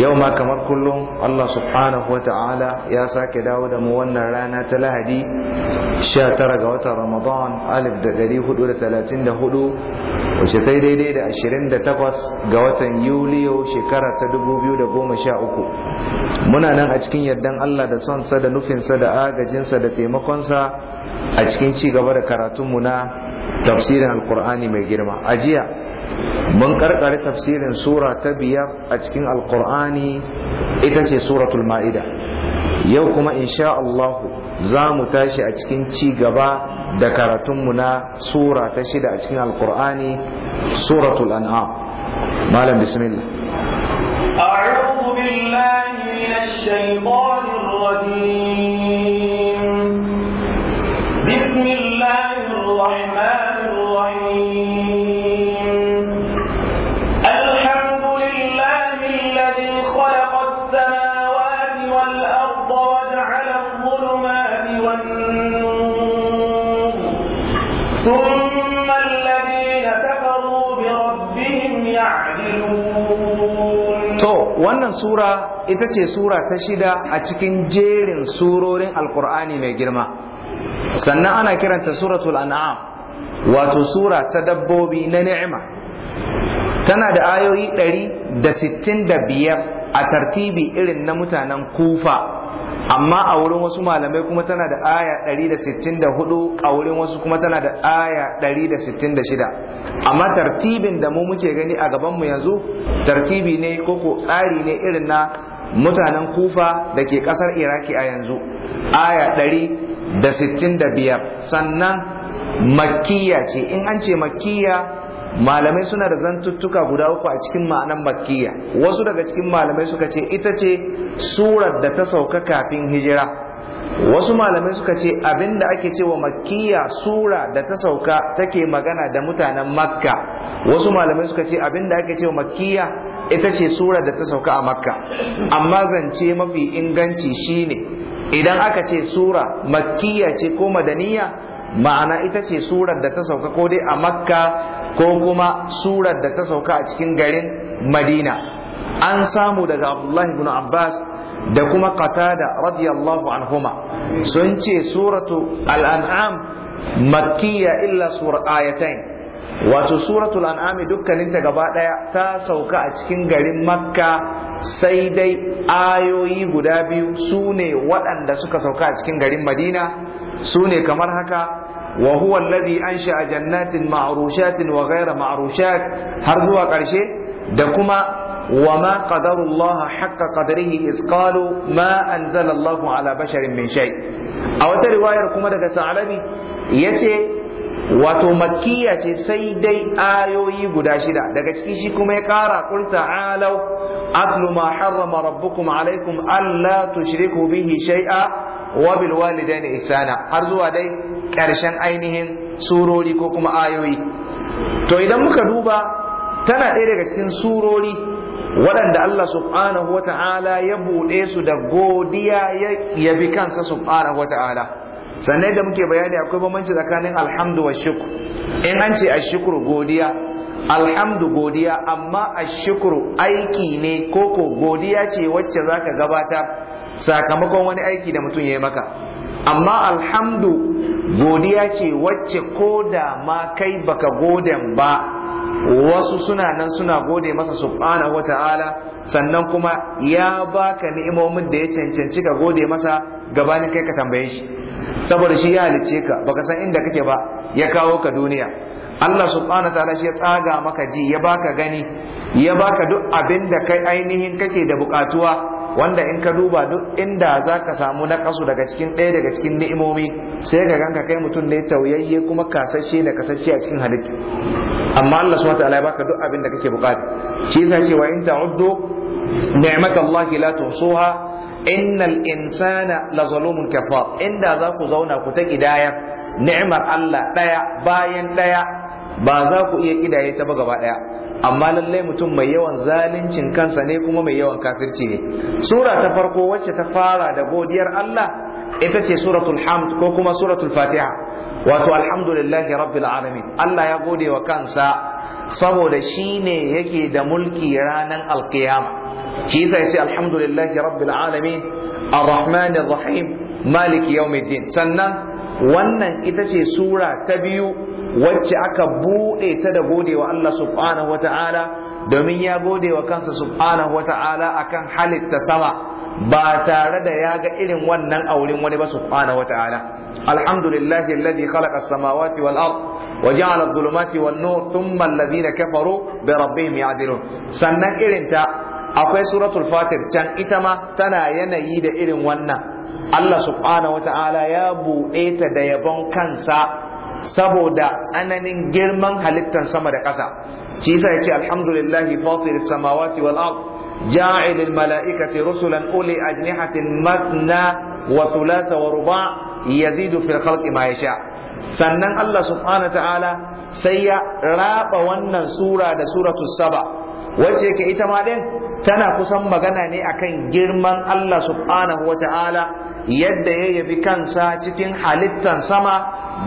yau ma kamar kullum Allah subhanahu wata'ala ya sake dawo da mu wannan rana ta lahadi 19 ga watan ramadan 1434 wace sai daidai da 28 ga watan yuliyo shekara ta 2013 muna nan a cikin yardan Allah da sonsa da nufinsa da agajinsa da taimakonsa a cikin ci gaba da karatunmu na tafsirin alkur'ani mai girma a jiya mun karkare tafsirin sura ta biyar a cikin alkur'ani ita ce suratul ma'ida yau kuma insha Allahu za mu tashi a cikin ci gaba da karatunmu na sura ta shida a cikin alkur'ani suratul an'am malam bismillah أعوذ بالله من الشيطان الرجيم wannan sura ita ce sura ta shida a cikin jerin surorin alkur'ani mai girma sannan ana kiranta suratul an'am wato sura ta dabbobi na ni'ima tana da ayoyi ɗari da sittin da biyar a tartibi irin na mutanen kufa amma a wurin wasu malamai kuma tana da aya 164 a wurin wasu kuma tana da aya 166 amma tartibin da mu muke gani a gabanmu yanzu tartibi ne koko tsari ne irin na mutanen kufa da ke kasar iraki a yanzu aya 165 sannan makkiya ce in an ce makkiya malamai suna da zantuttuka guda uku a cikin ma'anan makkiya wasu daga cikin malamai suka ce ita ce surar da ta sauka kafin hijira wasu malamai suka ce abinda ake cewa makkiya sura da ta sauka take magana da mutanen makka wasu malamai suka ce abinda ake cewa makkiya ita ce sura da ta sauka a makka amma zance mafi inganci shine idan aka ce sura makkiya ce ko madaniya ma'ana ita ce surar da ta sauka ko dai a makka ko kuma surar da ta sauka a cikin garin madina an samu daga abdullahi ibn abbas da kuma qatada radiyallahu anhuma sun ce suratu al'an'am anam makkiya illa sura ayatain wato suratul an'am dukkaninta gaba daya ta sauka a cikin garin makka sai dai ayoyi guda biyu su ne waɗanda suka sauka a cikin garin madina su ne kamar haka وهو الذي أنشأ جنات معروشات وغير معروشات هرزوا قرشي دكما وما قدر الله حق قدره إذ قالوا ما أنزل الله على بشر من شيء أو رواية كما دقى سعلبي يسي wato makkiya ce sai dai ayoyi guda shida daga ciki shi kuma ya kara qul ta'alu aslu ma harrama rabbukum alaikum alla tushriku bihi shay'a wa bil walidaini ihsana har zuwa dai ƙarshen ainihin surori ko kuma ayoyi to idan muka duba tana ɗaya daga cikin surori waɗanda Allah subhanahu wa ta'ala ya buɗe su da godiya ya bi kansa subhanahu wa ta'ala sannan da muke bayani akwai bambanci tsakanin alhamdu wa shukru, in an ce ashkur godiya alhamdu godiya amma ashkur aiki ne koko godiya ce wacce zaka gabata sakamakon wani aiki da mutum ya yi maka amma alhamdu godiya ce wacce ko da ma kai baka goden ba wasu suna nan suna gode masa subhana wa ta'ala sannan kuma ya baka ni'imomin da ya cancanci ka gode masa gabanin kai ka tambaye shi saboda shi ya halicce ka baka san inda kake ba ya kawo ka duniya Allah subhanahu wa ta'ala shi ya tsaga maka ji ya baka gani ya baka duk abinda kai ainihin kake da bukatuwa wanda in ka duba duk inda za ka samu nakasu daga cikin ɗaya daga cikin ni'imomi sai ka ganka kai mutum ne tauyayye kuma kasashe da kasashe a cikin halitta amma Allah subhanahu wataala ya baka duk abin da kake bukata shi yasa cewa in ta'uddu ni'matallahi la tuhsuha innal insana la zalumun kafar inda za ku zauna ku ta kidaya ni'mar Allah daya bayan daya ba za ku iya kidaye ta ba gaba daya amma lallai mutum mai yawan zalincin kansa ne kuma mai yawan kafirci ne sura ta farko wacce ta fara da godiyar Allah ita ce suratul hamd ko kuma suratul fatiha wato alhamdulillahi rabbil alamin Allah ya gode wa kansa saboda shi ne yake da mulki ranar alkiyama shi yasa yace alhamdulillahi rabbil alamin arrahmanir rahim maliki yawmiddin sannan wannan ita ce sura ta biyu wacce aka buɗe ta da godewa Allah subhanahu wata'ala domin ya gode wa kansa subhanahu wata'ala akan halitta sama ba tare da ya ga irin wannan aurin wani ba subhanahu wata'ala alhamdulillah alladhi khalaqa as-samawati wal ard wa ja'ala adh-dhulumati wan nur thumma alladhina kafaru bi rabbihim ya'dilun sannan irin ta akwai suratul fatir can ita ma tana yanayi da irin wannan Allah subhanahu wata'ala ya buɗe ta da yabon kansa saboda tsananin girman halittar sama da ƙasa shi yasa yace alhamdulillahi fatir samawati wal ard ja'il al mala'ikati rusulan uli ajnihatin matna wa thulatha wa ruba' yazidu fil khalqi ma yasha sannan Allah subhanahu wata'ala sai ya raba wannan sura da suratu saba wacce ke ita ma din tana kusan magana ne akan girman Allah subhanahu wa ta'ala yadda ya yabi kansa cikin halittan sama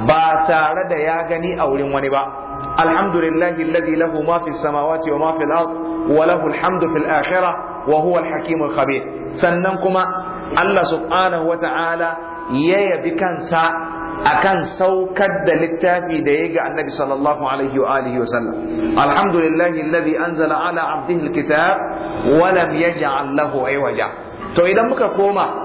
ba tare da ya gani a wurin wani ba alhamdulillahi alladhi lahu ma fi samawati wa ma fil ard wa lahu alhamdu fil akhirah wa huwa khabir sannan kuma Allah subhanahu wa ta'ala ya yabi kansa akan saukar da littafi da ya ga annabi sallallahu alaihi wa alihi wa sallam alhamdulillahi alladhi anzala ala abdihi alkitab wa lam yaj'al lahu to idan muka koma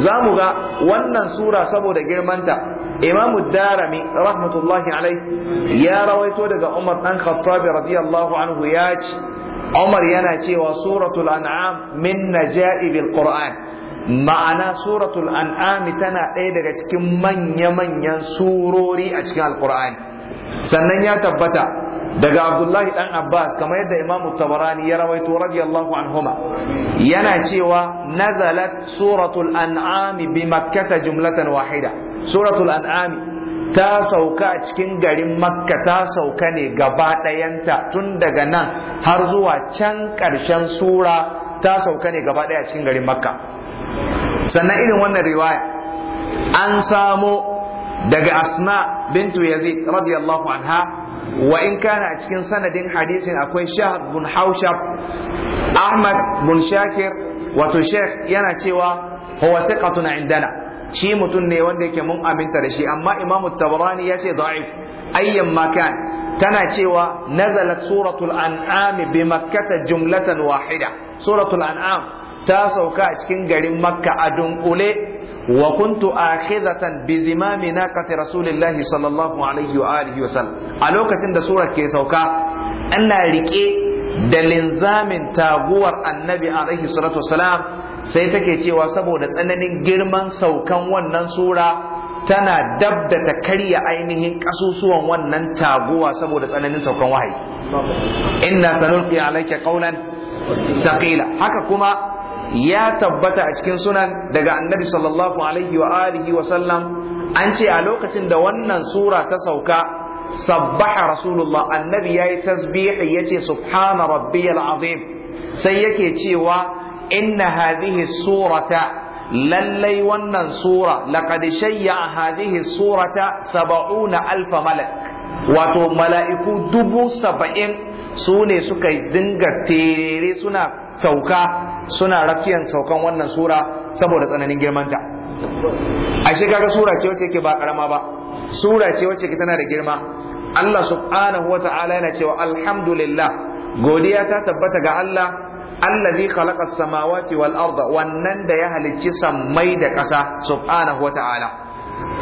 za mu ga wannan sura saboda girmanta imamu darami rahmatullahi alai ya rawaito daga umar dan khattabi radiyallahu anhu ya ce umar yana cewa suratul an'am min najaibil qur'an ma'ana suratul an'am tana ɗaya daga cikin manya-manyan surori a cikin alqur'ani sannan ya tabbata daga abdullahi dan abbas kamar yadda imamu tabarani ya rawaito radiyallahu anhuma yana cewa nazalat suratul an'ami bi makkata jumlatan wahida suratul an'ami ta sauka a cikin garin makka ta sauka ne gaba ɗayanta tun daga nan har zuwa can ƙarshen sura ta sauka ne gaba ɗaya a cikin garin makka sannan irin wannan riwaya an samo daga asma bintu yazid radiyallahu anha wa in kana a cikin sanadin hadisin akwai shahab bin haushab ahmad bin shakir wato sheikh yana cewa huwa thiqatun indana shi mutum ne wanda yake mun aminta da shi amma imamu tabarani ya ce da'if ayyan maka tana cewa nazalat suratul an'am bi makkata jumlatan wahida suratul an'am ta sauka a cikin garin makka a dunkule wa kuntu akhidatan bi zimami naqati rasulillah sallallahu alaihi wa alihi a lokacin da sura ke sauka ina rike da linzamin taguwar annabi alaihi salatu wasalam sai take cewa saboda tsananin girman saukan wannan sura tana dab da ta karya ainihin kasusuwan wannan taguwa saboda tsananin saukan wahayi inna sanulqi alayka qawlan thaqila haka kuma ya tabbata a cikin sunan daga annabi sallallahu alaihi wa alihi wa sallam an ce a lokacin da wannan sura ta sauka sabbaha rasulullah annabi yayi tasbihi yace subhana rabbiyal azim sai yake cewa inna hadhihi surata lallai wannan sura laqad shayya hadhihi surata saba'una alfa malak wato mala'iku dubu saba'in su ne suka dinga tere suna sauka suna rakiyan saukan wannan sura saboda tsananin girmanta ashe kaga sura ce wacce yake ba karama ba sura ce wacce tana da girma Allah subhanahu wata'ala yana cewa alhamdulillah godiya ta tabbata ga Allah allazi khalaqa samawati wal arda wannan da ya halicci sammai da ƙasa subhanahu wata'ala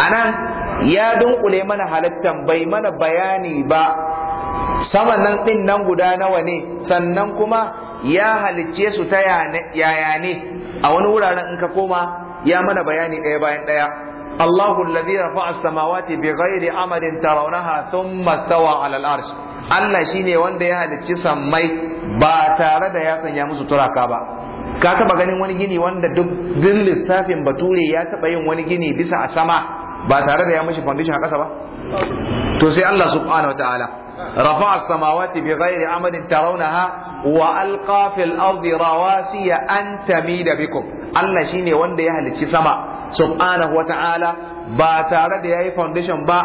anan ya dunkule mana halittan bai mana bayani ba saman nan din nan guda nawa ne sannan kuma ya halicce su ta yaya ne a wani wuraren in ka koma ya mana bayani ɗaya bayan ɗaya Allahu alladhi rafa'a as-samawati bighairi amadin tarawnaha thumma stawa 'ala al-arsh Allah shine wanda ya halicci sammai ba tare da ya sanya musu turaka ba ka taba ganin wani gini wanda duk din lissafin bature ya taba yin wani gini bisa a sama ba tare da ya mishi foundation a ƙasa ba to sai Allah subhanahu ta'ala. رفع السماوات بغير عمد ترونها وألقى في الأرض رواسي أن تميد بكم الله شيني وند يهل السماء سبحانه وتعالى ba tare da yayi foundation ba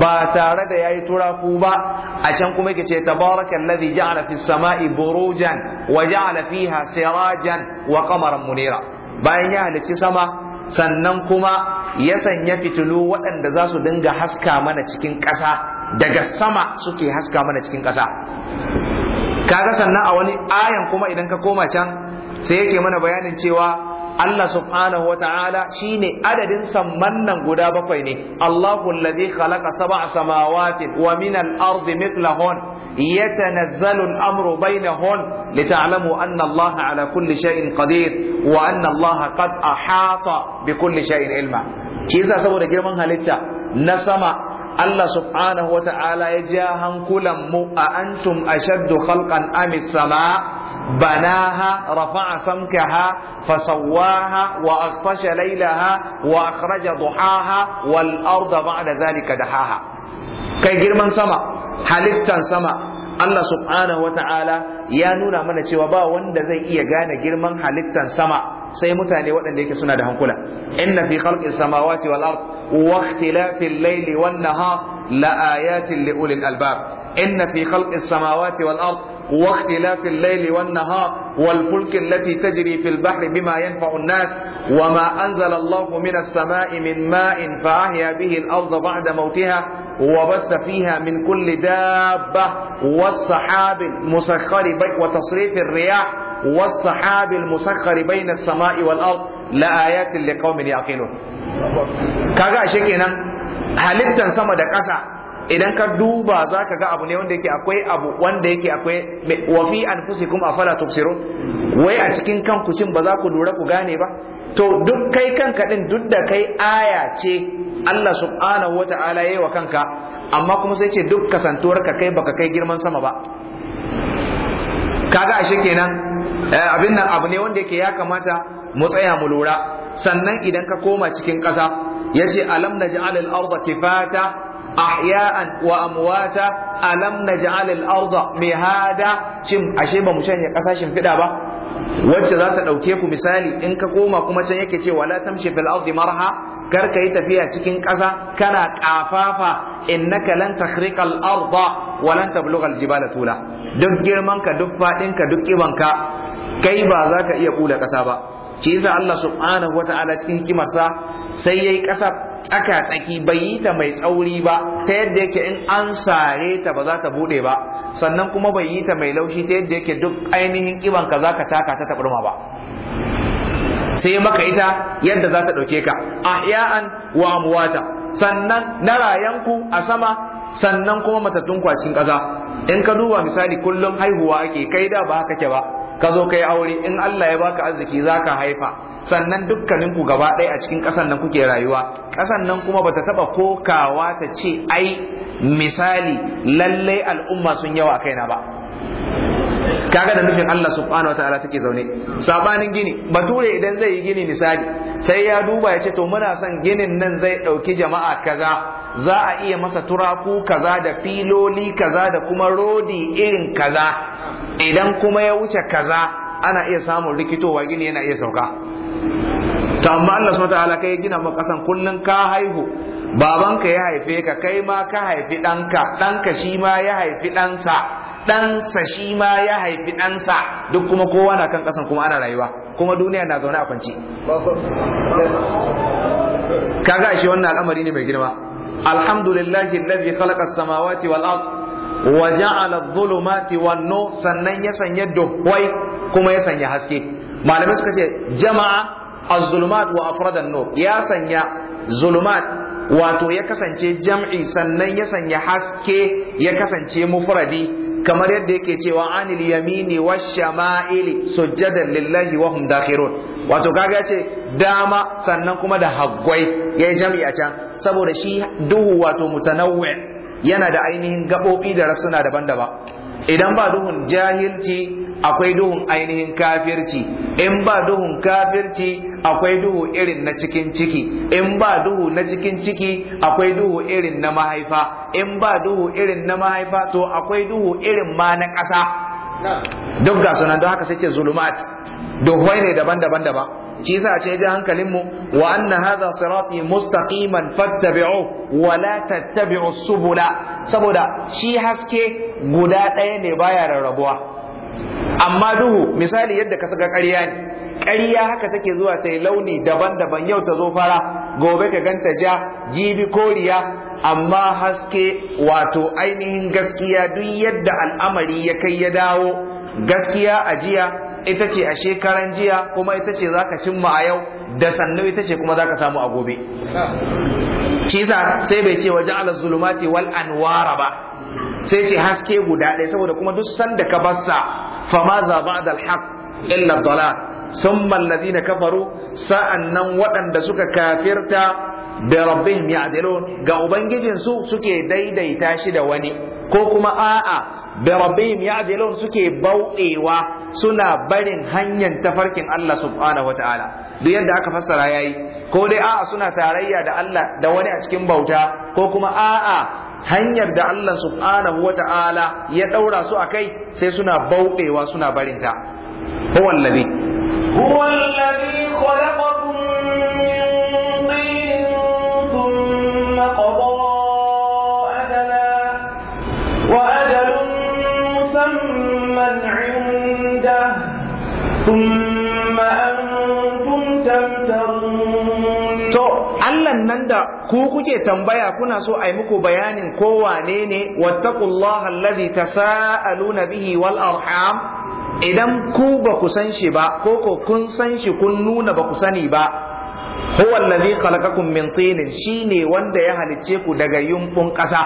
ba tare da yayi turafu ba a can kuma yake ce tabarakal ladhi ja'ala fis sama'i burujan wa ja'ala fiha sirajan wa qamaran munira bayan ya halicci sama sannan kuma ya sanya fitilu waɗanda za su dinga haska mana cikin ƙasa daga sama suke haska mana cikin ƙasa kaga sannan a wani ayan kuma idan ka koma can sai yake mana bayanin cewa Allah subhanahu wa ta'ala shi ne adadin samman nan guda bakwai ne, Allahu alladhi khalaqa sab'a samawatin wa min al-ardi mithlahun yatanazzalu al-amru li lita'lamu anna Allah ala kulli shay'in qadir wa anna Allah qad ahata bi kulli shay'in ilma. Ke saboda girman halitta na sama Allah subhanahu ta'ala ya ja hankulan mu a antum ashaddu khalqan am sama بناها wa سمكها lailaha wa ليلها duhaha ضحاها والأرض da ذلك دحاها Kai girman sama, halittan sama. Allah subhanahu wata'ala ya nuna mana cewa ba wanda zai iya gane girman halittan sama sai mutane waɗanda yake suna da hankula inna fi khalqis samawati wal ard واختلاف الليل والنهار لآيات لأولي الألباب إن في خلق السماوات والأرض واختلاف الليل والنهار والفلك التي تجري في البحر بما ينفع الناس وما أنزل الله من السماء من ماء فأحيا به الأرض بعد موتها وبث فيها من كل دابة والسحاب المسخر بي وتصريف الرياح والسحاب المسخر بين السماء والأرض لآيات لقوم يعقلون kaga ashe kenan halittan sama da ƙasa idan ka duba za ka ga abu ne wanda yake akwai abu wanda yake akwai wa fi a afala tubsirun wai a cikin kanku cin ba za ku lura ku gane ba to duk kai kanka din duk da kai aya ce Allah subhanahu wata'ala yayi wa kanka amma kuma sai ce duk kasantuwar ka kai baka kai girman sama ba kaga ashe kenan eh, abin nan abu ne wanda yake ya kamata mu tsaya mu lura sannan idan ka koma cikin ƙasa yace alam naj'al al-ardha kifata ahya'an wa amwata alam naj'al al-ardha mihada shin ashe ba mu shanye ƙasa shin fida ba wacce za ta ɗauke ku misali in ka koma kuma can yake ce wala tamshi fil ardi marha kar ka yi tafiya cikin ƙasa kana ƙafafa innaka lan takhriqa al-arda wa lan tablugha al-jibala tula duk girman ka duk fadin ka duk kibanka kai ba za ka iya kula ƙasa ba shi yasa Allah subhanahu wata'ala cikin hikimarsa sai yayi kasa tsaka tsaki bai yi ta mai tsauri ba ta yadda yake in an sare ta ba za ta bude ba sannan kuma bai yi ta mai laushi ta yadda yake duk ainihin kiban ka zaka taka ta taburma ba sai maka ita yadda za ta ɗauke ka ahya'an wa amwata sannan na rayanku a sama sannan kuma matattun kwacin kaza in ka duba misali kullum haihuwa ake kai da ba haka ke ba ka zo ka yi aure in Allah ya baka arziki zaka haifa sannan dukkanin ku gaba ɗaya a cikin ƙasan nan kuke rayuwa ƙasan nan kuma bata taba kokawa ta ce ai misali lallai al'umma sun yawa kaina ba kaga da nufin Allah subhanahu wataala take zaune sabanin gini bature idan zai yi gini misali sai ya duba ya ce to muna son ginin nan zai ɗauki jama'a kaza za a iya masa turaku kaza da filoli kaza da kuma rodi irin kaza idan kuma ya wuce kaza ana iya samun rikitowa gini yana iya sauka ta amma Allah subhanahu wataala kai gina maka kasan ka haihu babanka ya haife ka kai ma ka haifi ɗanka ɗanka shi ma ya haifi ɗansa ɗansa shi ma ya haifi ɗansa duk kuma kowa na kan ƙasan kuma ana rayuwa kuma duniya na zaune a kwanci kaga shi wannan al'amari ne mai girma alhamdulillahi allazi khalaqa as-samawati wal ard wa ja'ala dhulumati wan sannan ya sanya duhwai kuma ya sanya haske malamai suka ce jama'a az-zulumat wa afrada nur ya sanya zulumat wato ya kasance jam'i sannan ya sanya haske ya kasance mufradi kamar yadda yake cewa anil yamini wash shama'ili sujjadan lillahi wa hum dakhirun wato kaga ce dama sannan kuma da haggwai ya yi jam'i a can saboda shi duhu wato mutanawwi yana da ainihin gaɓoɓi da rasuna daban-daban idan ba duhun jahilci akwai duhun ainihin kafirci in ba duhun kafirci akwai duhu irin na cikin ciki in ba duhu na cikin ciki akwai duhu irin na mahaifa in ba duhu irin na mahaifa to akwai duhu irin ma na ƙasa duk ga sunan don haka sai ce zulumat duhuwai ne daban-daban daban shi yasa ce ji hankalin mu wa anna hadha sirati mustaqiman fattabi'u wa la tattabi'u subula saboda shi haske guda ɗaya ne baya rarrabuwa amma duhu misali yadda ka saka ƙarya ne ƙarya haka take zuwa ta launi daban-daban yau ta zo fara gobe ka ganta ja jibi koriya amma haske wato ainihin gaskiya duk yadda al'amari ya kai ya dawo gaskiya a jiya ita ce a shekaran jiya kuma ita ce za ka cimma a yau da sannu ita ce kuma za ka samu a gobe shi sai bai ce wa ja'ala zulumati wal anwara ba sai ce haske guda ɗaya saboda kuma duk sanda ka bassa fama za ba'da al-haq illa dalal summa alladhina kafaru sa'annan waɗanda suka kafirta da rabbihim ya'dilun ga ubangijin su suke daidaita shi da wani ko kuma a'a bi rabbihim ya'dilun suke bauɗewa suna barin hanyar tafarkin Allah subhanahu wataala duk yadda aka fassara yayi ko dai a'a suna tarayya da Allah da wani a cikin bauta ko kuma a'a hanyar da Allah subhanahu wata'ala ta'ala ya ɗaura su a kai sai suna bauɗewa suna barin ta ko Huwa lalabi khalaqakum min tin thumma to Allah nan da ku kuke tambaya kuna so a yi muku bayanin ko wane ne wattaqullaha allazi tasaaluna bihi wal arham idan ku ba ku san shi ba ko ko kun san shi kun nuna ba ku sani ba huwa allazi khalaqakum min tinin shine wanda ya halicce ku daga yumbun ƙasa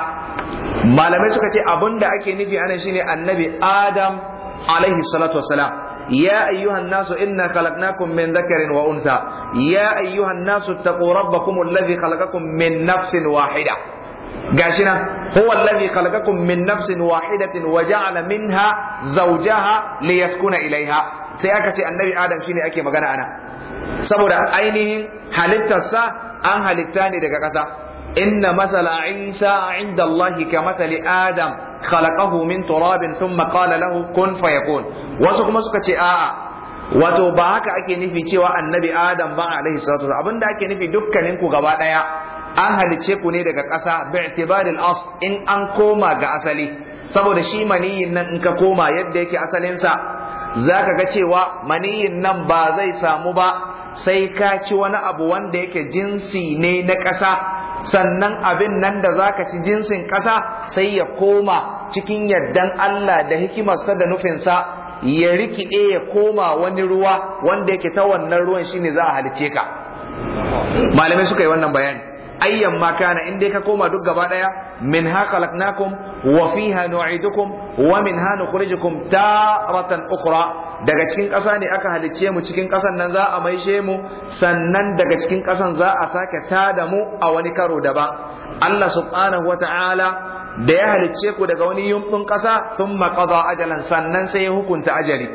malamai suka ce abunda ake nufi anan shine annabi adam alaihi salatu wassalam يا أيها الناس إنا خلقناكم من ذكر وأنثى يا أيها الناس اتقوا ربكم الذي خلقكم من نفس واحدة قاشنا هو الذي خلقكم من نفس واحدة وجعل منها زوجها ليسكن إليها سيأكسي النبي آدم شيني أكي مغانا أنا saboda ainihin halittarsa an halitta ne daga ƙasa inna masala isa inda Allah ka masali adam khalaqahu min turabin thumma qala lahu kun fayakun wasu kuma suka ce a'a wato ba haka ake nufi cewa annabi adam ba alaihi salatu abin da ake nufi dukkanin ku gaba daya an halice ku ne daga ƙasa bi'tibaril as in an koma ga asali saboda shi maniyin nan in ka koma yadda yake asalin sa zaka ga cewa maniyin nan ba zai samu ba sai ka ci wani abu wanda yake jinsi ne na ƙasa sannan abin nan da za ka ci jinsin ƙasa sai ya koma cikin yardan Allah da hikimarsa da nufinsa ya rikide ya koma wani ruwa wanda yake ta wannan ruwan shine za a halice ka malamai suka yi wannan bayani ayyan ma kana in dai ka koma duk gaba daya min ha khalaqnakum wa fiha nu'idukum wa min ha nukhrijukum taratan ukhra daga cikin ƙasa ne aka halicce mu cikin ƙasan nan za a maishe mu sannan daga cikin ƙasan za a sake tada mu a wani karo daba Allah subhanahu da ya halicce ku daga wani yumbin ƙasa thumma qada ajalan sannan sai ya hukunta ajali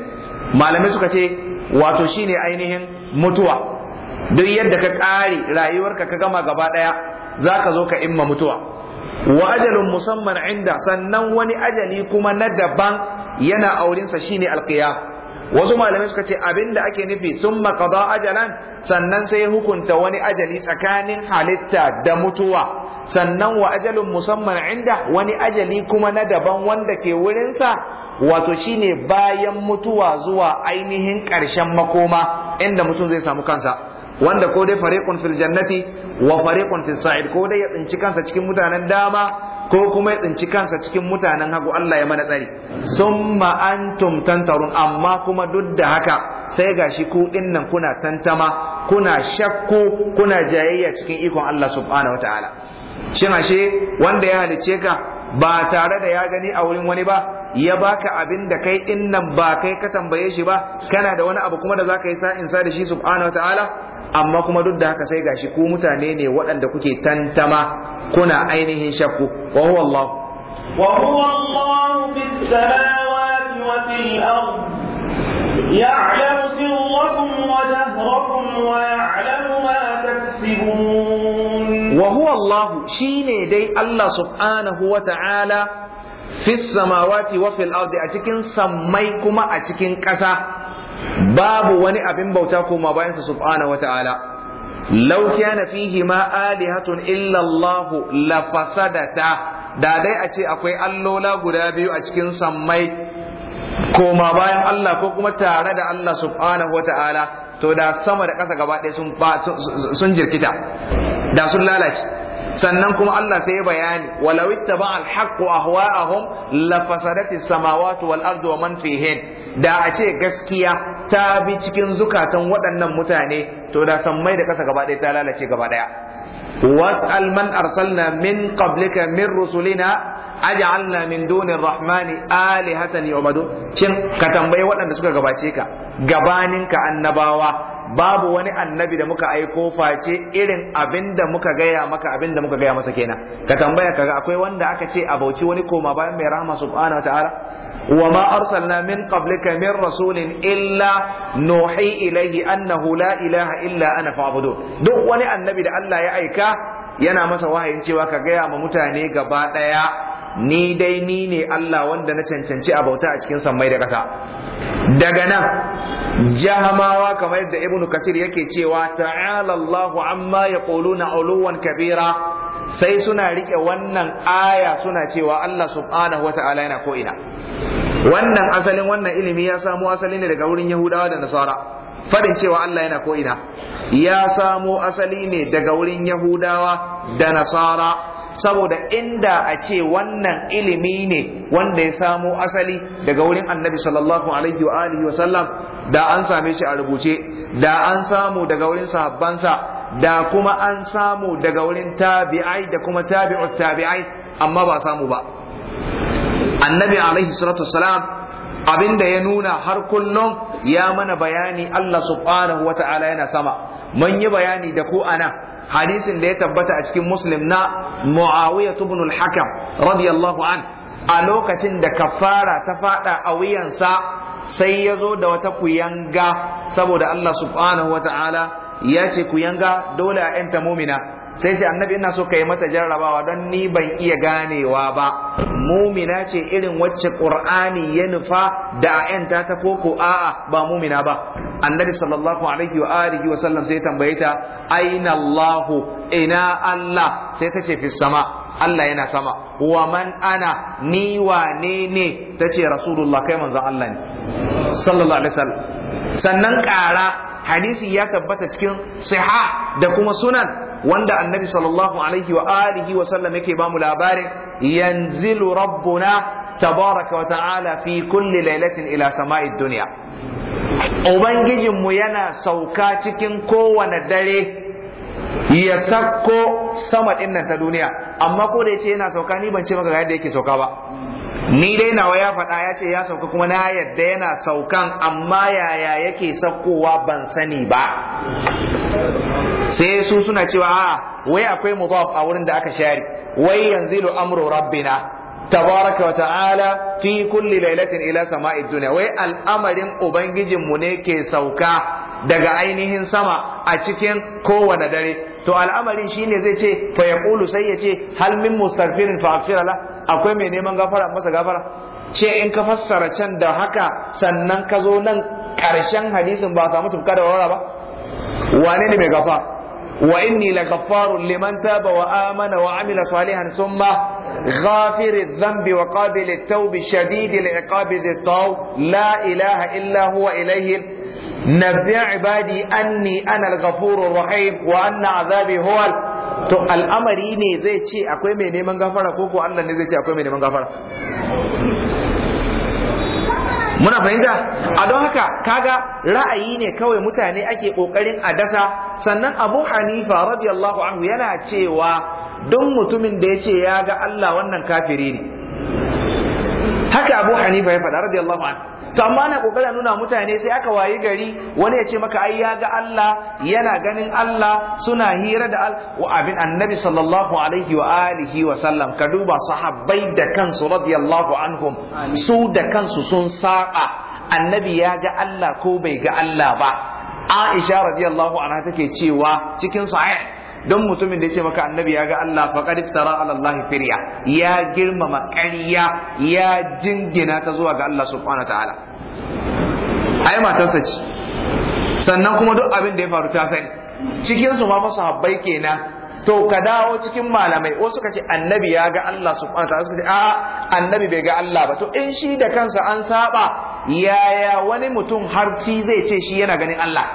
malamai suka ce wato shine ainihin mutuwa duk yadda ka ƙare rayuwarka ka gama gaba ɗaya zaka zo ka imma mutuwa wa ajalun musamman inda sannan wani ajali kuma na daban yana sa shine alqiyam wasu malamai suka ce abinda ake nufi sun makada ajalan sannan sai hukunta wani ajali tsakanin halitta da mutuwa sannan wa ajalun musamman inda wani ajali kuma na daban wanda ke wurinsa wato shine bayan mutuwa zuwa ainihin ƙarshen makoma inda mutum zai samu kansa wanda ko dai fariqun fil jannati wa fariqun fis sa'id ko dai ya tsinci kansa cikin mutanen dama ko kuma ya tsinci kansa cikin mutanen hagu Allah ya mana tsari summa antum tantarun amma kuma duk da haka sai gashi ku dinnan kuna tantama kuna shakku kuna jayayya cikin ikon Allah subhanahu wataala shin ashe wanda ya halicce ka ba tare da ya gani a wurin wani ba ya baka abin da kai dinnan ba kai ka tambaye shi ba kana da wani abu kuma da zaka yi sa'in sa da shi subhanahu wataala amma kuma duk da haka sai gashi ku mutane ne waɗanda kuke tantama kuna ainihin shakku wa huwa Allah wa huwa Allah fis samawati wa fil ard ya'lamu sirrakum wa jahrakum wa ya'lamu ma taksibun wa huwa Allah shine dai Allah subhanahu wa ta'ala fis samawati wa fil ard a cikin sammai kuma a cikin ƙasa babu wani abin bauta koma bayansa subhanahu wataala law kana fihi ma alihatun illa Allah la fasadata da dai a ce akwai allola guda biyu a cikin sammai koma bayan Allah ko kuma tare da Allah subhanahu wataala to da sama da ƙasa gaba ɗaya sun jirkita da sun lalace sannan kuma Allah sai ya bayani walau ittaba al-haqqu ahwa'ahum lafasadati samawati wal ardu wa man fihin da a ce gaskiya ta bi cikin zukatan waɗannan mutane to da sammai da ƙasa gaba ɗaya ta lalace gaba ɗaya was'al man arsalna min qablika min rusulina aj'alna min duni rahmani alihatan yu'badu shin ka tambayi waɗanda suka gabace ka gabaninka annabawa babu wani annabi da muka aiko face irin abin da muka gaya maka abin da muka gaya masa kenan ka tambaya kaga akwai wanda aka ce a bauci wani koma bayan mai rahama subhanahu wataala wa ma arsalna min qablika min rasulin illa nuhi ilayhi annahu la ilaha illa ana fa'budu duk wani annabi da Allah ya aika yana masa wahayin cewa ka gaya ma mutane gaba daya ni dai ni ne Allah wanda na cancanci a bauta a cikin sammai da ƙasa daga nan jahamawa kamar yadda ibnu kasir yake cewa ta'ala Allahu amma yaquluna uluwan kabira sai suna rike wannan aya suna cewa Allah subhanahu wata'ala yana ko ina wannan asalin wannan ilimi ya samo asali ne daga wurin Yahudawa da Nasara fadin cewa Allah yana ko ina ya samo asali ne daga wurin Yahudawa da Nasara saboda inda a ce wannan ilimi ne wanda ya samo asali daga wurin annabi sallallahu alaihi wa alihi wa sallam da an same shi a rubuce da an samu daga wurin sahabbansa da kuma an samu daga wurin tabi'ai da kuma tabi'ut tabi'ai amma ba samu ba annabi alaihi salatu wassalam abinda ya nuna har kullum ya mana bayani Allah subhanahu wata'ala yana sama mun yi bayani da ku ana hadisin da ya tabbata a cikin muslim na muawiya ibn al-hakam radiyallahu an a lokacin da kafara ta fada a wuyansa sai ya zo da wata kuyanga saboda Allah subhanahu wa ta'ala ya ce kuyanga dole a yanta mumina sai ce annabi ina so kai mata jarrabawa don ni ban iya ganewa ba mumina ce irin wacce qur'ani ya nufa da ayan ta koko a'a ba mumina ba annabi sallallahu alaihi wa alihi wa sallam sai tambaye ta aina allah ina allah sai ta ce fi sama Allah yana sama wa man ana ni wane ne ta ce rasulullah kai manzon Allah ne sallallahu alaihi wasallam sannan ƙara hadisi ya tabbata cikin siha da kuma sunan wanda annabi sallallahu alaihi wa alihi wa sallam yake bamu labarin yanzilu rabbuna tabaraka wa ta'ala fi kulli lailatin ila sama'id dunya ubangijinmu yana sauka cikin kowane dare ya sakko sama ɗinnan ta duniya amma ko da yace yana sauka ni ban ce maka yadda yake sauka ba ni dai nawa ya faɗa ya ce ya sauka kuma na yadda yana saukan amma yaya yake saukowa ban sani ba sai su suna cewa a ah, wai akwai mudaf a wurin da aka share wai yanzilu amru rabbina tabaraka wa ta'ala fi kulli lailatin ila sama'id dunya wai al'amarin ubangijin mu ne ke sauka daga ainihin sama a cikin kowane dare to al'amarin shine zai ce fa yaqulu sai ya ce hal min mustaghfirin fa akwai mai neman gafara masa gafara ce in ka fassara can da haka sannan ka zo nan karshen hadisin ba samu mutu da ba wane ne mai gafara wa inni laghaffarun liman taba wa amana wa amila salihan thumma غافر الذنب وقابل التوب شديد العقاب ذي الطول لا إله إلا هو إليه نبي عبادي أني أنا الغفور الرحيم وأن عذابي هو to al'amari ne zai ce akwai mai neman gafara ko ko Allah ne zai ce akwai mai neman gafara muna fahimta a don haka kaga ra'ayi ne kawai mutane ake kokarin a dasa sannan Abu Hanifa radiyallahu anhu yana cewa don mutumin da ya ce ya ga Allah wannan kafiri ne haka Abu Hanifa ya faɗa radiyallahu anhu to amma ana kokarin nuna mutane sai aka wayi gari wani ya ce maka ai ya ga Allah yana ganin Allah suna hira da al wa abin annabi sallallahu alaihi wa alihi wa sallam ka duba sahabbai da kansu radiyallahu anhum su da kansu sun saba annabi ya ga Allah ko bai ga Allah ba Aisha radiyallahu anha take cewa cikin sahih don mutumin da ya ce maka annabi ya ga Allah faqad iftara ala Allah firya ya girmama ƙarya ya jingina ta zuwa ga Allah subhanahu ta'ala. yi matarsa ci. sannan kuma duk abin da ya faru ta sani cikin su ma habbai kenan to ka dawo cikin malamai wasu ka ce annabi ya ga Allah subhanahu kwanata, wasu suka ce a'a annabi bai ga Allah ba to in shi da kansa an saba yaya wani mutum har ci zai ce shi yana ganin Allah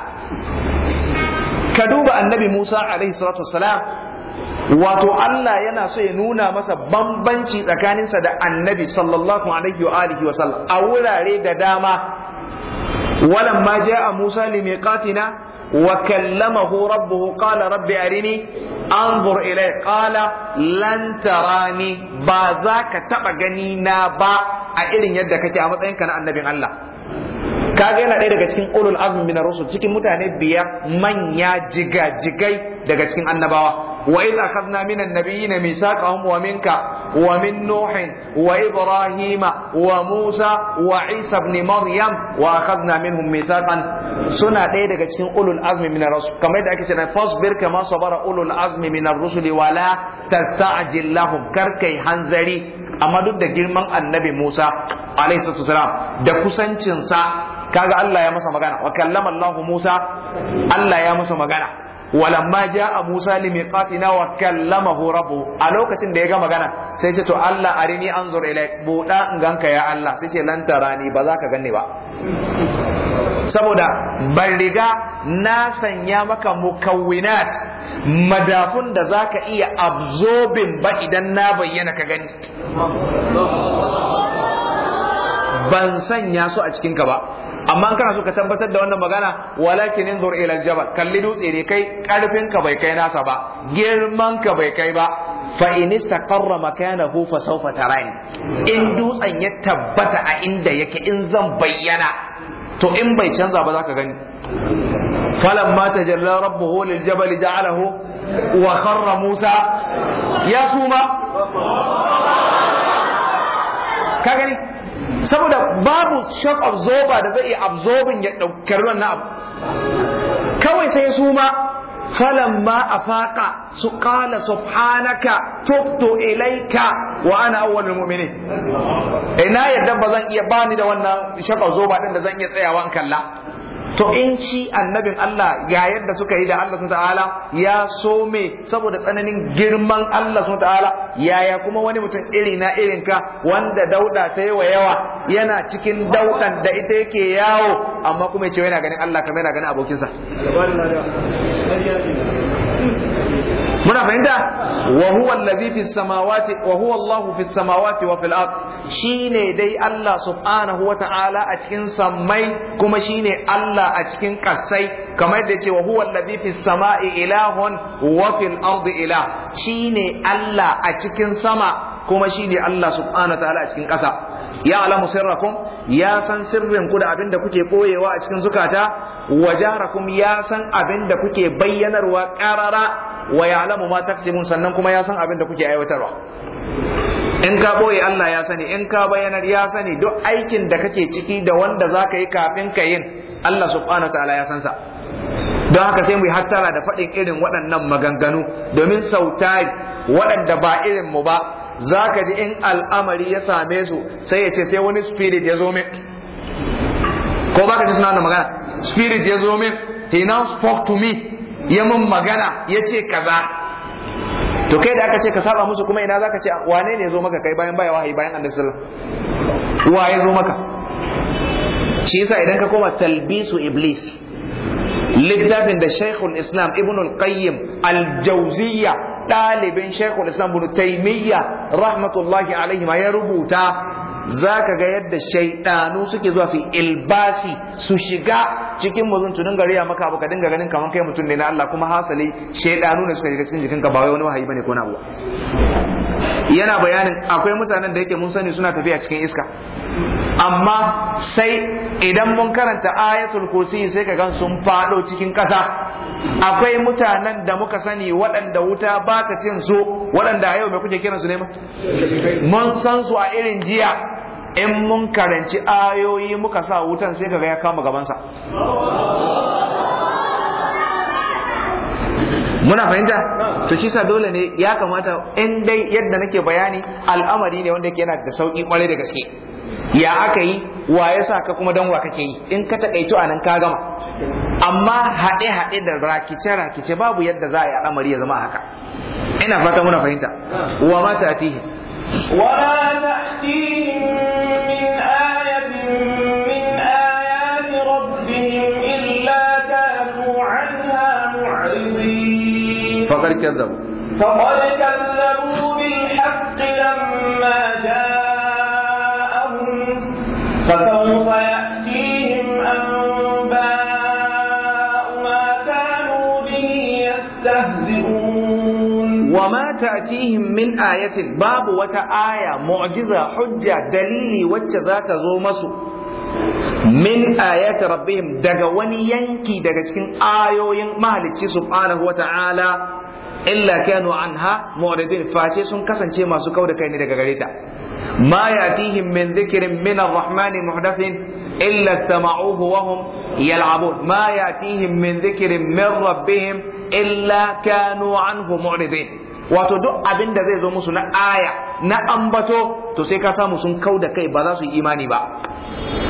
ka duba annabi Musa alaihi salatu wassalam wato Allah yana so ya nuna masa bambanci tsakaninsa da annabi sallallahu alaihi wa wa sallam a wurare da dama walan ma a Musa li miqatina wa kallamahu rabbuhu qala rabbi arini anzur ilay qala lan tarani ba za ka taba gani na ba a irin yadda kake a matsayin ka na annabin Allah kaga yana ɗaya daga cikin ulul azmi min cikin mutane biyar manya jiga jigai daga cikin annabawa وإذ أخذنا من النبيين ميثاقهم ومنك ومن نوح وإبراهيم وموسى وعيسى بن مريم وأخذنا منهم ميثاقا سنة ديدك تكون أولو العزم من الرسل كما يدعك سنة فاصبر كما صبر أولو العزم من الرسل ولا تستعجل لهم كركي هنزري أما ضد جرمان النبي موسى عليه الصلاة والسلام da kusancinsa kaga Allah ya masa magana wa kallama Allah Musa Allah ya masa magana walamma jaa Musa limiqatina wa kallamahu rabbu a lokacin da ya ga magana sai ce to Allah arini anzur ilai buda in ganka ya Allah sai ce lan tarani ba za ka ganni ba saboda ban riga na sanya maka mukawwinat madafun da za ka iya absorbing ba idan na bayyana ka gani ban sanya su a cikinka ba amma kana so ka tabbatar da wannan magana walakin inzur ila aljabal kalli dutse ne kai karfin ka bai kai nasa ba girman ka bai kai ba fa in istaqarra makanahu fa sawfa tarani in dutsen ya tabbata a inda yake in zan bayyana to in bai canza ba zaka gani فلما تجلى ربه للجبل جعله وخر ya suma? Ka gani. saboda babu shock absorber da zai iya absorbing ya daukar na abu kawai sai su ma falamma afaqa su qala subhanaka tubtu ilayka wa ana awwalul mu'minin ina eh, yadda ba zan iya bani da wannan shock absorber din da zan iya tsayawa in kalla to in ci annabin Allah ga yadda suka yi da Allah sun ta'ala ya so me saboda tsananin girman Allah sun ta'ala yaya kuma wani mutum iri na irin ka wanda dauda ta yi wa yawa yana cikin daudan da ita yake yawo amma kuma ce yana ganin Allah kamar yana ganin abokinsa muna fahimta wa huwa allazi samawati wa huwa Allahu fis samawati wa fil ard shine dai Allah subhanahu Ta'ala a cikin sammai kuma shine Allah a cikin kasai kamar yadda yace wa huwa allazi fis samai ilahun wa fil ard ilah shine Allah a cikin sama kuma shine Allah subhanahu Ta'ala a cikin kasa ya alamu sirrakum ya san sirrin ku da abin da kuke koyewa a cikin zukata wa jaharakum ya san abin da kuke bayyanarwa karara wa ya'lamu ma taksimun sannan kuma ya san abin da kuke aiwatarwa in ka boye Allah ya sani in ka bayanar ya sani duk aikin da kake ciki da wanda zaka yi kafin ka yin Allah subhanahu ta'ala ya san sa don haka sai mu yi hattara da faɗin irin waɗannan maganganu domin sautari waɗanda ba irin mu ba zaka ka ji in al'amari ya same su sai ya ce sai wani spirit ya zo min ko baka ji suna magana spirit ya zo min he now spoke to me ya mun magana ya ce kaza to kai da aka ce ka saba musu kuma ina zaka ce wane ne zo maka kai bayan baya wahayi bayan annabi sallallahu alaihi wasallam zo maka shi yasa idan ka koma talbisu iblis littafin da shaikhul islam ibn al-qayyim al-jawziyya ɗalibin shaikhul islam ibn taymiyya rahmatullahi alaihi ma ya rubuta za ka ga yadda shaidanu suke zuwa su ilbasi su shiga cikin mazun tunin gariya maka abu ka dinga ganin kamar kai mutum ne na Allah kuma hasali shaidanu ne suka shiga cikin jikinka ba wai wani wahayi bane ko na abu yana bayanin akwai mutanen da yake mun sani suna tafiya cikin iska amma sai idan mun karanta ayatul kursi sai ka gan sun fado cikin ƙasa akwai mutanen da muka sani waɗanda wuta ba ta cin su waɗanda a yau mai kuke kiransu ne ma mun san su a irin jiya in mun karanci ayoyi muka sa wutan sai ga ya kama gabansa muna fahimta to shi sa dole ne ya kamata in dai yadda nake bayani al'amari ne wanda yake yana da sauki kwarai da gaske ya aka yi wa ya sa ka kuma dan wa kake yi in ka a nan ka gama amma haɗe haɗe da rakice rakice babu yadda za a yi al'amari ya zama haka ina fata muna fahimta wa mata ta'tihi wa ta'tihi فقد كذبوا فقد كذبوا بالحق لما جاءهم فسوف يأتيهم أنباء ما كانوا به يستهزئون وما تأتيهم من آية باب وتآية معجزة حجة دليل وجزات زومسو من آيات ربهم daga ينكي yanki آيو cikin ayoyin سبحانه وتعالى illa kanu anha mu'ridin face sun kasance masu kau da kai ne daga gare ta ma yatihim min dhikrin min ar-rahmani muhdathin illa istama'uhu wa hum yal'abun ma yatihim min dhikrin min rabbihim illa kanu anhu mu'ridin wato duk abin da zai zo musu na aya na ambato to sai ka samu sun kau da kai ba za su yi imani ba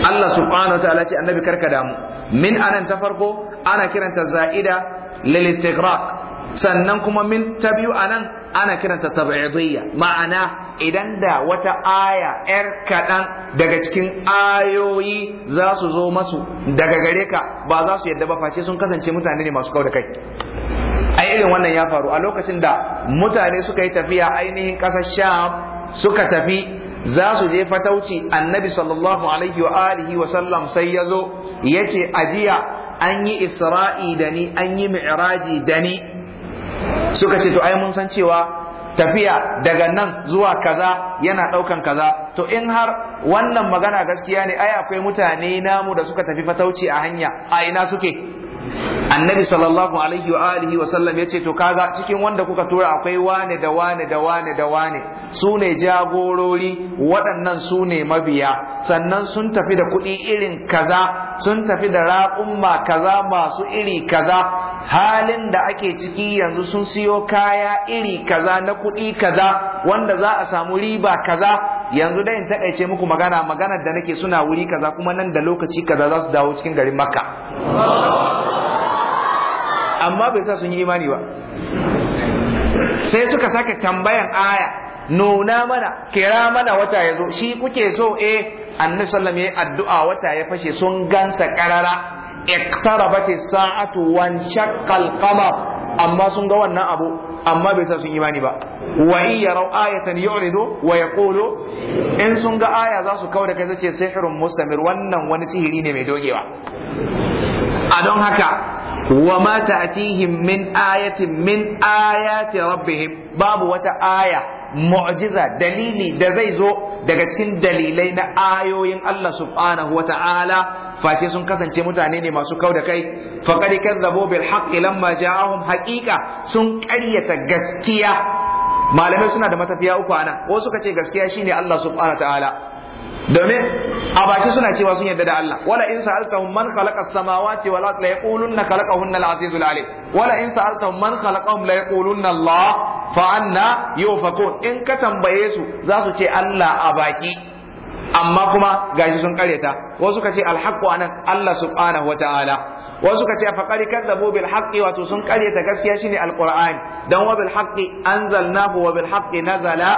Allah subhanahu wa ta'ala ce annabi karka damu min anan ta farko ana kiranta za'ida lil istighraq sannan kuma min ta biyu a nan ana kiranta tab'idiyya ma'ana idan da wata aya ‘yar kaɗan daga cikin ayoyi za su zo masu daga gare ka ba za su yadda ba face sun kasance mutane ne masu kau da kai ai irin wannan ya faru a lokacin da mutane suka yi tafiya ainihin ƙasar sham suka tafi za su je fatauci annabi sallallahu alaihi wa alihi wa sallam sai ya zo ya ce ajiya an yi isra'i da ni an yi mi'raji da ni suka ce to ai mun san cewa tafiya daga nan zuwa kaza yana ɗaukan kaza to in har wannan magana gaskiya ne ai akwai mutane namu da suka tafi fatauci a hanya a ina suke annabi sallallahu alaihi wa alihi wa sallam yace to kaga cikin wanda kuka tura akwai wane da wane da wane da wane su ne jagorori waɗannan su ne mabiya sannan sun tafi da kuɗi irin kaza sun tafi da raƙumma kaza masu iri kaza halin da ake ciki yanzu sun siyo kaya iri kaza na kuɗi kaza wanda za a samu riba kaza yanzu dai in takaice muku magana maganar da nake suna wuri kaza kuma nan da lokaci kaza za su dawo cikin garin makka amma bai sa sun yi imani ba sai suka sake tambayan aya nuna mana kira mana wata ya zo shi kuke so eh annabi sallam ya addu'a wata ya fashe sun gansa karara iqtarabat as-sa'atu wa shaqqa qamar amma sun ga wannan abu amma bai sa sun imani ba wa in yaraw ayatan yu'ridu wa yaqulu in sun ga aya za su kawo da kai zace sihirun mustamir wannan wani sihiri ne mai dogewa a don haka wa ma ta'tihim min ayatin min ayati rabbihim babu wata aya mu'jiza dalili da zai zo daga cikin dalilai na ayoyin Allah subhanahu wata'ala face sun kasance mutane ne masu kau da kai faqad kazzabu bil haqqi lamma ja'ahum haqiqa sun karyata gaskiya malamai suna da matafiya uku ana wasu suka ce gaskiya shine Allah subhanahu wata'ala domin a baki suna cewa sun yadda da Allah wala in sa'altahum man khalaqa as-samawati wal ardi la yaqulunna khalaqahunna al-azizul alim wala in sa'altahum man khalaqahum la yaqulunna Allah fa anna yufakun in ka tambaye su za su ce Allah a baki amma kuma gashi sun kare ta wasu kace alhaqu anan Allah subhanahu wa wasu kace fa qad kadzabu bil haqqi wato sun karyata ta gaskiya shine alquran dan wa bil haqqi anzalnahu wa nazala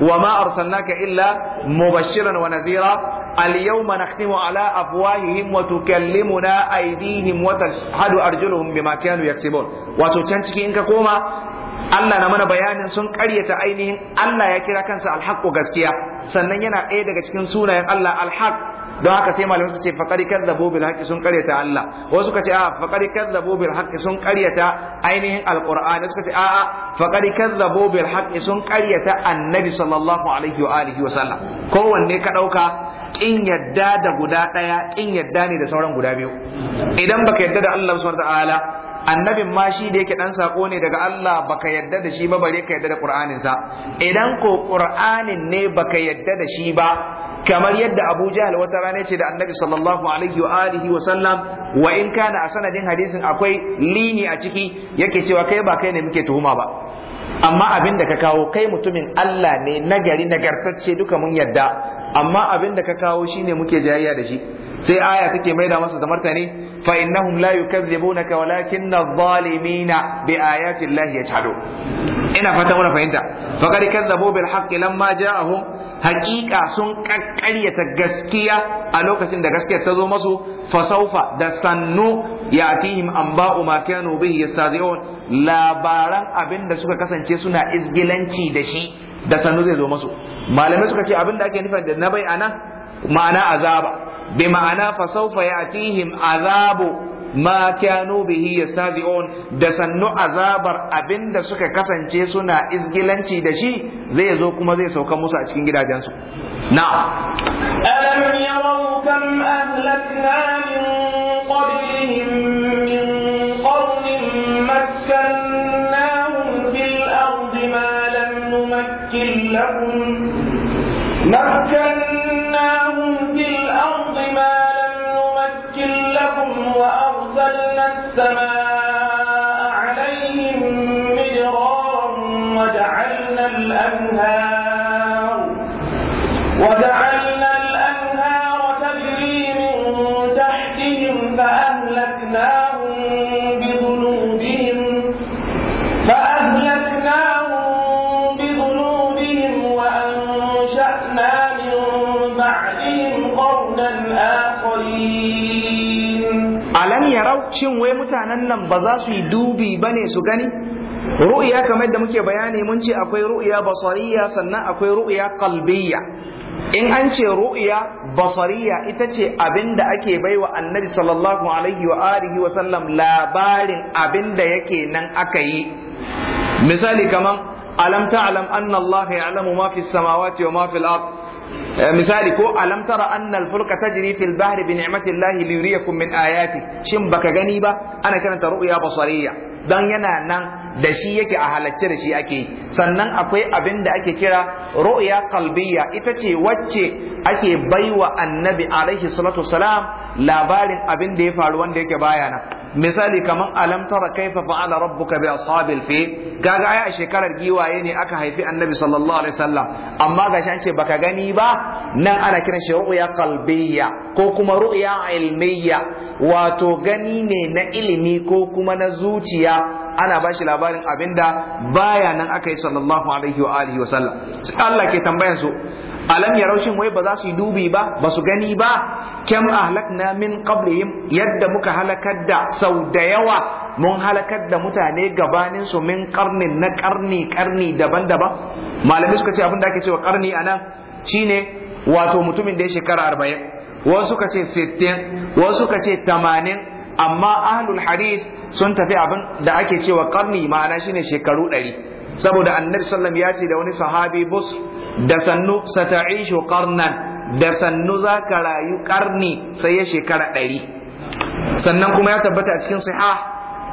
wa ma arsalnaka illa mubashiran wa nadhira al yawma nakhtimu ala afwahihim wa tukallimuna aydihim wa tashhadu arjuluhum bima kanu yaksibun wato can ciki in ka koma Allah na mana bayanin sun karyata ainihin Allah ya kira kansa alhaqqu gaskiya sannan yana ɗaya daga cikin sunayen Allah alhaq don haka sai malamai suka ce faqad kadzabu bil haqqi sun karyata Allah wasu suka ce a faqad kadzabu bil haqqi sun karyata ainihin alqur'ani suka ce a a faqad kadzabu bil haqqi sun karyata annabi sallallahu alaihi wa alihi wa sallam kowanne ka dauka kin yadda da guda ɗaya kin yadda ne da sauran guda biyu idan baka yadda da Allah subhanahu ta'ala annabin ma shi da yake dan sako ne daga Allah baka yadda da shi ba bare ka yadda da Qur'anin sa idan ko Qur'anin ne baka yadda da shi ba kamar yadda Abu Jahl wata rana ce da Annabi sallallahu alaihi wa alihi wa sallam wa in kana a sanadin hadisin akwai lini a ciki yake cewa kai ba kai ne muke tuhuma ba amma abin da ka kawo kai mutumin Allah ne nagari nagartacce duka mun yadda amma abin da ka kawo shine muke jayayya da shi sai aya take maida masa da martani فإنهم لا يكذبونك ولكن الظالمين بآيات الله يجحدون ina fata muna fahimta faqad kadzabu bil haqqi lamma ja'ahum haqiqa sun kakkaryata gaskiya a lokacin da gaskiyar ta zo masu fasaufa da sannu yatihim anba'u ma kanu bihi yastazi'un labaran abinda suka kasance suna izgilanci da shi da sannu zai zo masu malamai suka ce abinda ake nufi da na bai anan ma'ana azaba bi ma'ana fa sawfa ya'tihim azabu ma kanu bihi yastazi'un da sannu azabar abinda suka kasance suna izgilanci da shi zai zo kuma zai sauka musu a cikin gidajensu na'am alam yarau kam ahlakna min qablihim min qarnin makkannahum fil ardi ma lam numakkin lahum makkan وأرسلنا السماء عليهم مدرارا وجعلنا الأنهار mutanen nan ba za su yi dubi ba ne su gani ru'ya kamar da muke bayani mun ce akwai ru'ya basariya sannan akwai ru'ya qalbiyya in an ce ru'ya basariya ita ce abin da ake baiwa annabi sallallahu alaihi wa alihi wa sallam labarin abin da yake nan aka yi misali kamar alam ta'lam anna Allah ya'lamu ma fi samawati wa ma ard Eh, misali ko alam tara anna fulka tajri fil bahri bi ni'mati llahi li yuriyakum min ayati shin baka gani ba ana karanta ru'ya basariya dan yana nan da shi yake a halacce da shi ake sannan akwai abin da ake kira ru'ya qalbiyya ita ce wacce ake baiwa annabi alaihi salatu salam labarin abin da ya faru wanda yake baya misali kamar alam tara kaifa fa'ala rabbuka bi ashabil fil kaga ai a shekarar giwaye ne aka haifi annabi sallallahu alaihi wasallam amma gashi an ce baka gani ba nan ana kiran shi ru'ya qalbiyya ko kuma ru'ya ilmiyya wato gani ne na ilimi ko kuma na zuciya ana bashi labarin abinda baya nan aka yi sallallahu alaihi wa alihi wa sallam Allah ke tambayan su alam raushin wai ba za su yi dubi ba ba su gani ba kam ahlakna min qablihim yadda muka halakar da sau da yawa mun halakar da mutane gabanin su min karnin na karni karni daban-daban malamai suka ce abin da ake cewa karni anan shine wato mutumin da ya shekara arba'in wasu suka ce sittin wasu suka ce tamanin amma ahlul hadith sun tafi abin da ake cewa karni ma'ana shine shekaru ɗari saboda annabi sallam ya ce da wani sahabi bus da sannu sata'ishu qarnan da sannu za ka rayu karni sai ya shekara ɗari sannan kuma ya tabbata a cikin sahih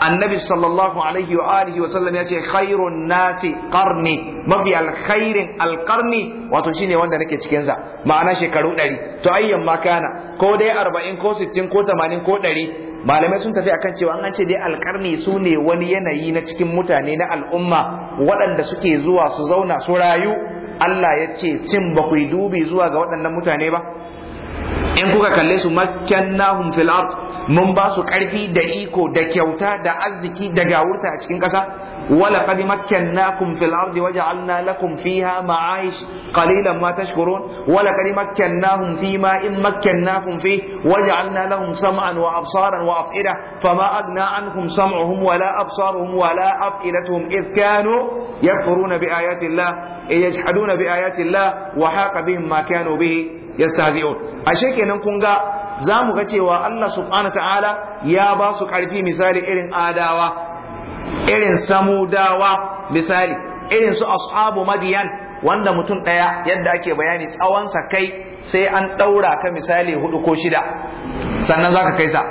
annabi sallallahu alaihi wa alihi wa sallam ya ce khairun nasi qarni mafi alkhairin alqarni wato shine wanda nake cikin sa ma'ana shekaru ɗari to ayyan ma kana ko dai arba'in ko sittin ko tamanin ko ɗari malamai sun tafi akan cewa an ce dai alkarni su ne wani yanayi na cikin mutane na al'umma waɗanda suke zuwa su zauna su rayu Allah ya ce cin ba ku dubi zuwa ga waɗannan mutane ba in kuka kalle su makkannahum fil ard mun ba su ƙarfi da iko da kyauta da arziki da gawurta a cikin ƙasa wala qad makkannakum fil ardi waja'alna lakum fiha ma'ayish qalilan ma tashkurun wala qad makkannahum fima in makkannakum fi waja'alna lahum sam'an wa absaran wa af'ida fama aghna anhum sam'uhum wala absaruhum wala af'idatuhum id kanu yakfuruna bi ayati llah yajhaduna bi ayati llah wa haqa bihim ma kanu bihi yastahzi'un ashe kenan kun ga zamu ga cewa Allah subhanahu ta'ala ya ba su karfi misali irin adawa irin samudawa misali irin su ashabu madiyan wanda mutum daya yadda ake bayani tsawonsa kai sai an ɗaura ka misali hudu ko shida sannan zaka ka kai sa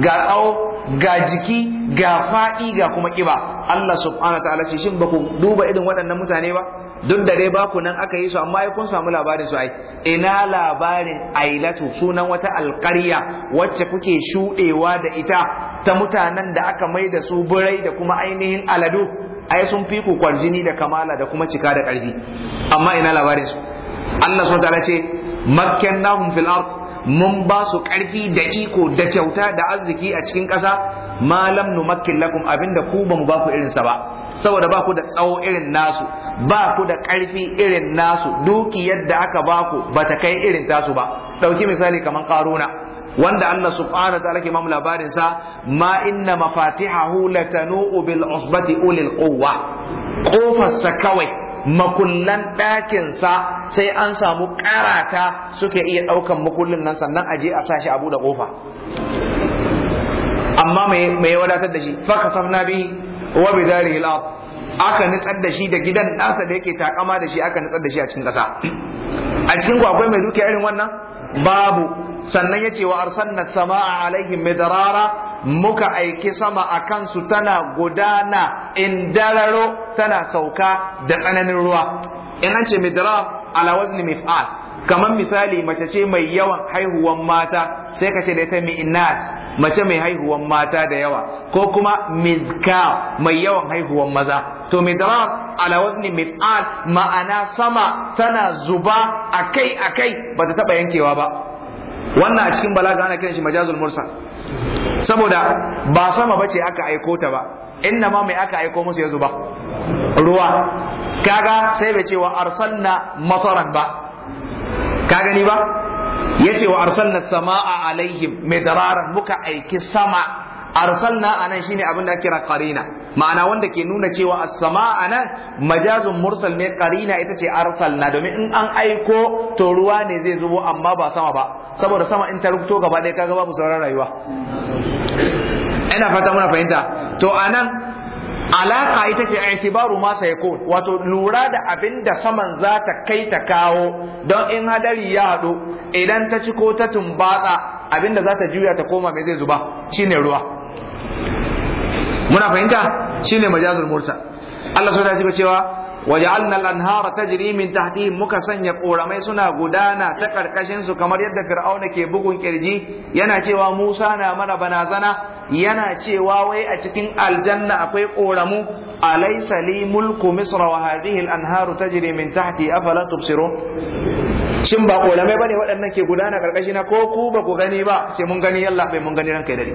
ga tsawo ga jiki ga faɗi ga kuma ƙiba Allah subhanahu wa ta'ala ce shin ba ku duba irin waɗannan mutane ba duk da dai ku nan aka yi su amma ai kun samu labarin su ai ina labarin ailatu sunan wata alƙarya wacce kuke shuɗewa da ita ta mutanen da aka mai da su birai da kuma ainihin aladu ai sun fi ku kwarjini da kamala da kuma cika da ƙarfi amma ina labarin su Allah subhanahu wa ta'ala ce makkannahum fil ard mun ba su ƙarfi da iko da kyauta da arziki a cikin ƙasa malam numakkin lakum abinda ku ba mu ba ku irinsa ba saboda ba ku da tsawo irin nasu ba ku da ƙarfi irin nasu duki yadda aka ba ku ba ta kai irin tasu ba ɗauki misali kamar ƙaruna wanda Allah subhanahu wa ta'ala ke mamu labarin sa ma inna mafatihahu latanu bil usbati ulil quwwa kofar sa kawai makullan ɗakinsa sai an samu karata suke iya ɗaukan makullin nan sannan aje a sashi abu da ƙofa amma mai wadatar da shi faka safna bi wa bi dari aka nitsar da shi da gidan nasa da yake takama da shi aka nitsar da shi a cikin ƙasa a cikin ku akwai mai dukiya irin wannan babu sannan ce wa sama a alaihim midrara muka aiki sama a kansu tana gudana in dararo tana sauka da tsananin ruwa in an ce midrar ala wazni mif'al kamar misali mace ce mai yawan haihuwan mata sai ka ce da ita mi'nas mace mai haihuwan mata da yawa ko kuma mizka mai yawan haihuwan maza to midrar ala wazni mif'al ma'ana sama tana zuba akai akai bata taba yankewa ba wannan a cikin balaga ana kiran shi majazul mursal saboda ba sama bace aka aiko ta ba inna ma mai aka aiko musu ya zuba ruwa kaga sai bai ce wa arsalna mataran ba ka gani ba yace wa arsalna samaa alaihim midraran muka aiki sama arsalna anan shine abin da kira qarina ma'ana wanda ke nuna cewa as-sama anan majazun mursal ne qarina ita ce arsalna domin in an aiko to ruwa ne zai zubo amma ba sama ba saboda sama in ta rubuto gaba ɗaya kaga babu sauran rayuwa ina fata muna fahimta to anan alaka ita ce i'tibaru ma ko wato lura da abinda saman za ta kai ta kawo don in hadari ya haɗu idan ta ci ko ta tumbatsa abin da za ta juya ta koma mai zai zuba shine ruwa muna fahimta shine majazul mursa Allah so ta cewa وجعلنا الانهار ta من تحتهم muka sanya koramai suna gudana ta karkashin su kamar yadda fir'auna ke bugun ƙirji. yana cewa Musa na mana banazana yana cewa wai a cikin aljanna akwai koramu alaysa li mulku misra wa hadhihi al-anharu tajri min tahti afala shin ba koramai bane waɗannan ke gudana karkashi ko ba ku gani ba sai mun gani yalla bai mun gani ranka dare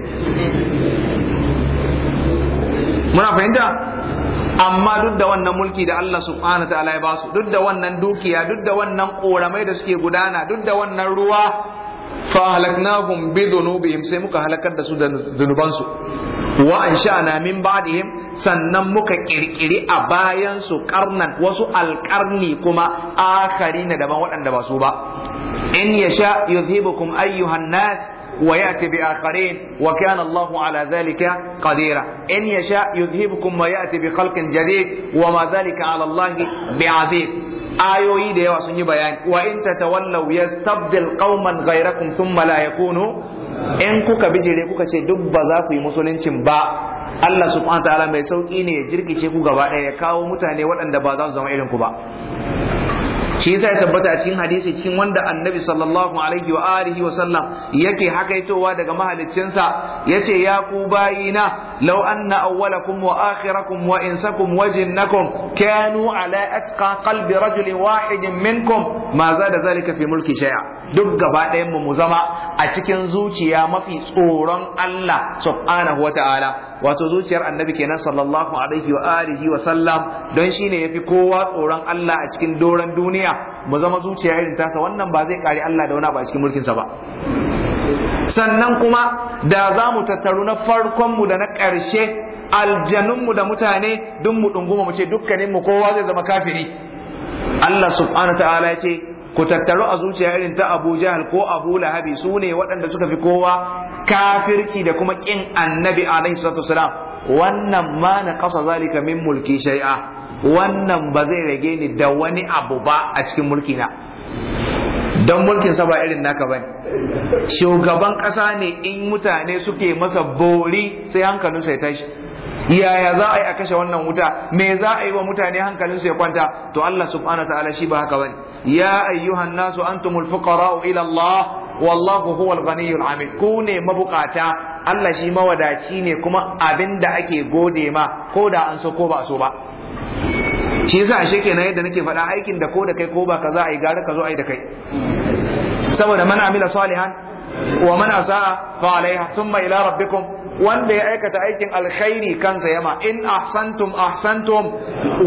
muna fahimta amma duk da wannan mulki da Allah subhanahu ta'ala ya basu duk da wannan dukiya duk da wannan koramai da suke gudana duk da wannan ruwa fa halaknahum bi dhunubihim sai muka halakar da su da zunubansu wa ansha'na min ba'dihim sannan muka kirkiri a bayan su karnan wasu alƙarni kuma akari na daban waɗanda ba su ba in yasha yuzhibukum ayyuhan nas ويأتي بآخرين وكان الله على ذلك قديرا إن يشاء يذهبكم ويأتي بخلق جديد وما ذلك على الله بعزيز ayoyi da yawa sun yi bayani wa in ya yastabdil qauman ghayrakum thumma la yakunu in kuka bijire kuka ce duk ba za ku yi musuluncin ba Allah subhanahu wa ta'ala mai sauki ne ya jirkice ku gaba ɗaya ya kawo mutane waɗanda ba za su zama irin ku ba shi yasa ya tabbata a cikin hadisi cikin wanda annabi sallallahu alaihi wa alihi wa sallam yake hakaitowa daga mahaliccinsa yace ya ku bayina لو أن أولكم وآخركم وإنسكم وجنكم كانوا على أتقى قلب رجل واحد منكم ما زاد ذلك في ملك شيئا duk gaba ɗayan mu zama a cikin zuciya mafi tsoron Allah subhanahu wa ta'ala wato zuciyar annabi kenan sallallahu alaihi wa alihi wa sallam don shine yafi kowa tsoron Allah a cikin doron duniya mu zama zuciya irin tasa wannan ba zai kare Allah da wani ba a cikin mulkinsa ba sannan kuma da za mu tattaru na farkonmu da na ƙarshe aljanunmu da mutane duk mu ɗunguma mu ce dukkaninmu kowa zai zama kafiri Allah subhanahu ta'ala ya ce ku tattaru a zuciya irin ta Abu Jahal ko Abu Lahabi su ne waɗanda suka fi kowa kafirci da kuma ƙin annabi alaihi salatu wannan ma na kasa zalika min mulki shay'a wannan ba zai rage ni da wani abu ba a cikin mulkina don mulkin sa ba irin naka bane shugaban ƙasa ne in mutane suke masa bori sai hankalin sai tashi yaya za a yi a kashe wannan wuta me za a yi wa mutane hankalin su ya kwanta to Allah subhanahu wa ta'ala shi ba haka bane ya ayyuhan nasu antumul fuqara'u ila Allah wallahu huwal ghaniyyul hamid ku ne mabukata Allah shi mawadaci ne kuma abin da ake gode ma ko da an so ko ba so ba shi yasa shi ke yadda nake faɗa aikin da ko da kai ko ba ka za a yi gara ka zo a da kai saboda mana amila salihan wa mana sa fa alaiha thumma ila rabbikum wanda ya aikata aikin alkhairi kansa yama in ahsantum ahsantum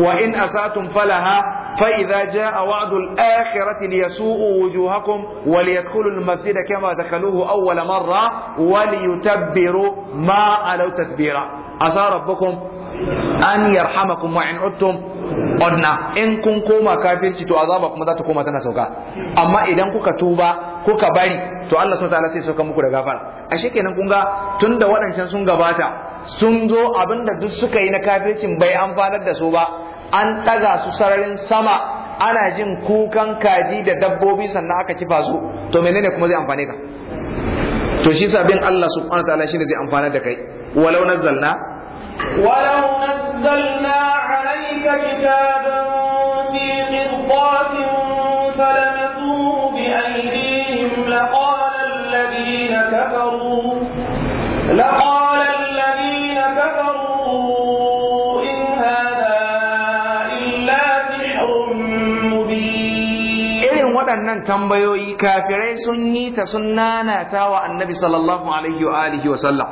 wa in asatum falaha fa idza jaa wa'dul akhirati liyasuu wujuhakum wa liyadkhulu almasjida kama dakhaluhu awwala marra wa liyutabbiru ma alaw tadbira asa rabbukum an yarhamakum wa in odna in kun koma kafirci to azaba kuma za ta koma tana sauka amma idan kuka tuba kuka bari to Allah subhanahu wataala sai sauka muku da gafara ashe kenan kun ga tunda waɗancan sun gabata sun zo abinda duk suka yi na kafircin bai amfanar da su ba an ɗaga su sararin sama ana jin kukan kaji da dabbobi sannan aka kifa su to menene kuma zai amfane ka to shi sabin Allah subhanahu wataala shine zai amfanar da kai walau nazzalna ولو نزلنا عليك كتابا في قرطاس فلمسوه بأيديهم لقال الذين كفروا لقال الذين كفروا إن هذا إلا سحر مبين waɗannan tambayoyi kafirai sun yi ta sun nanata annabi sallallahu alaihi wa alihi wa sallam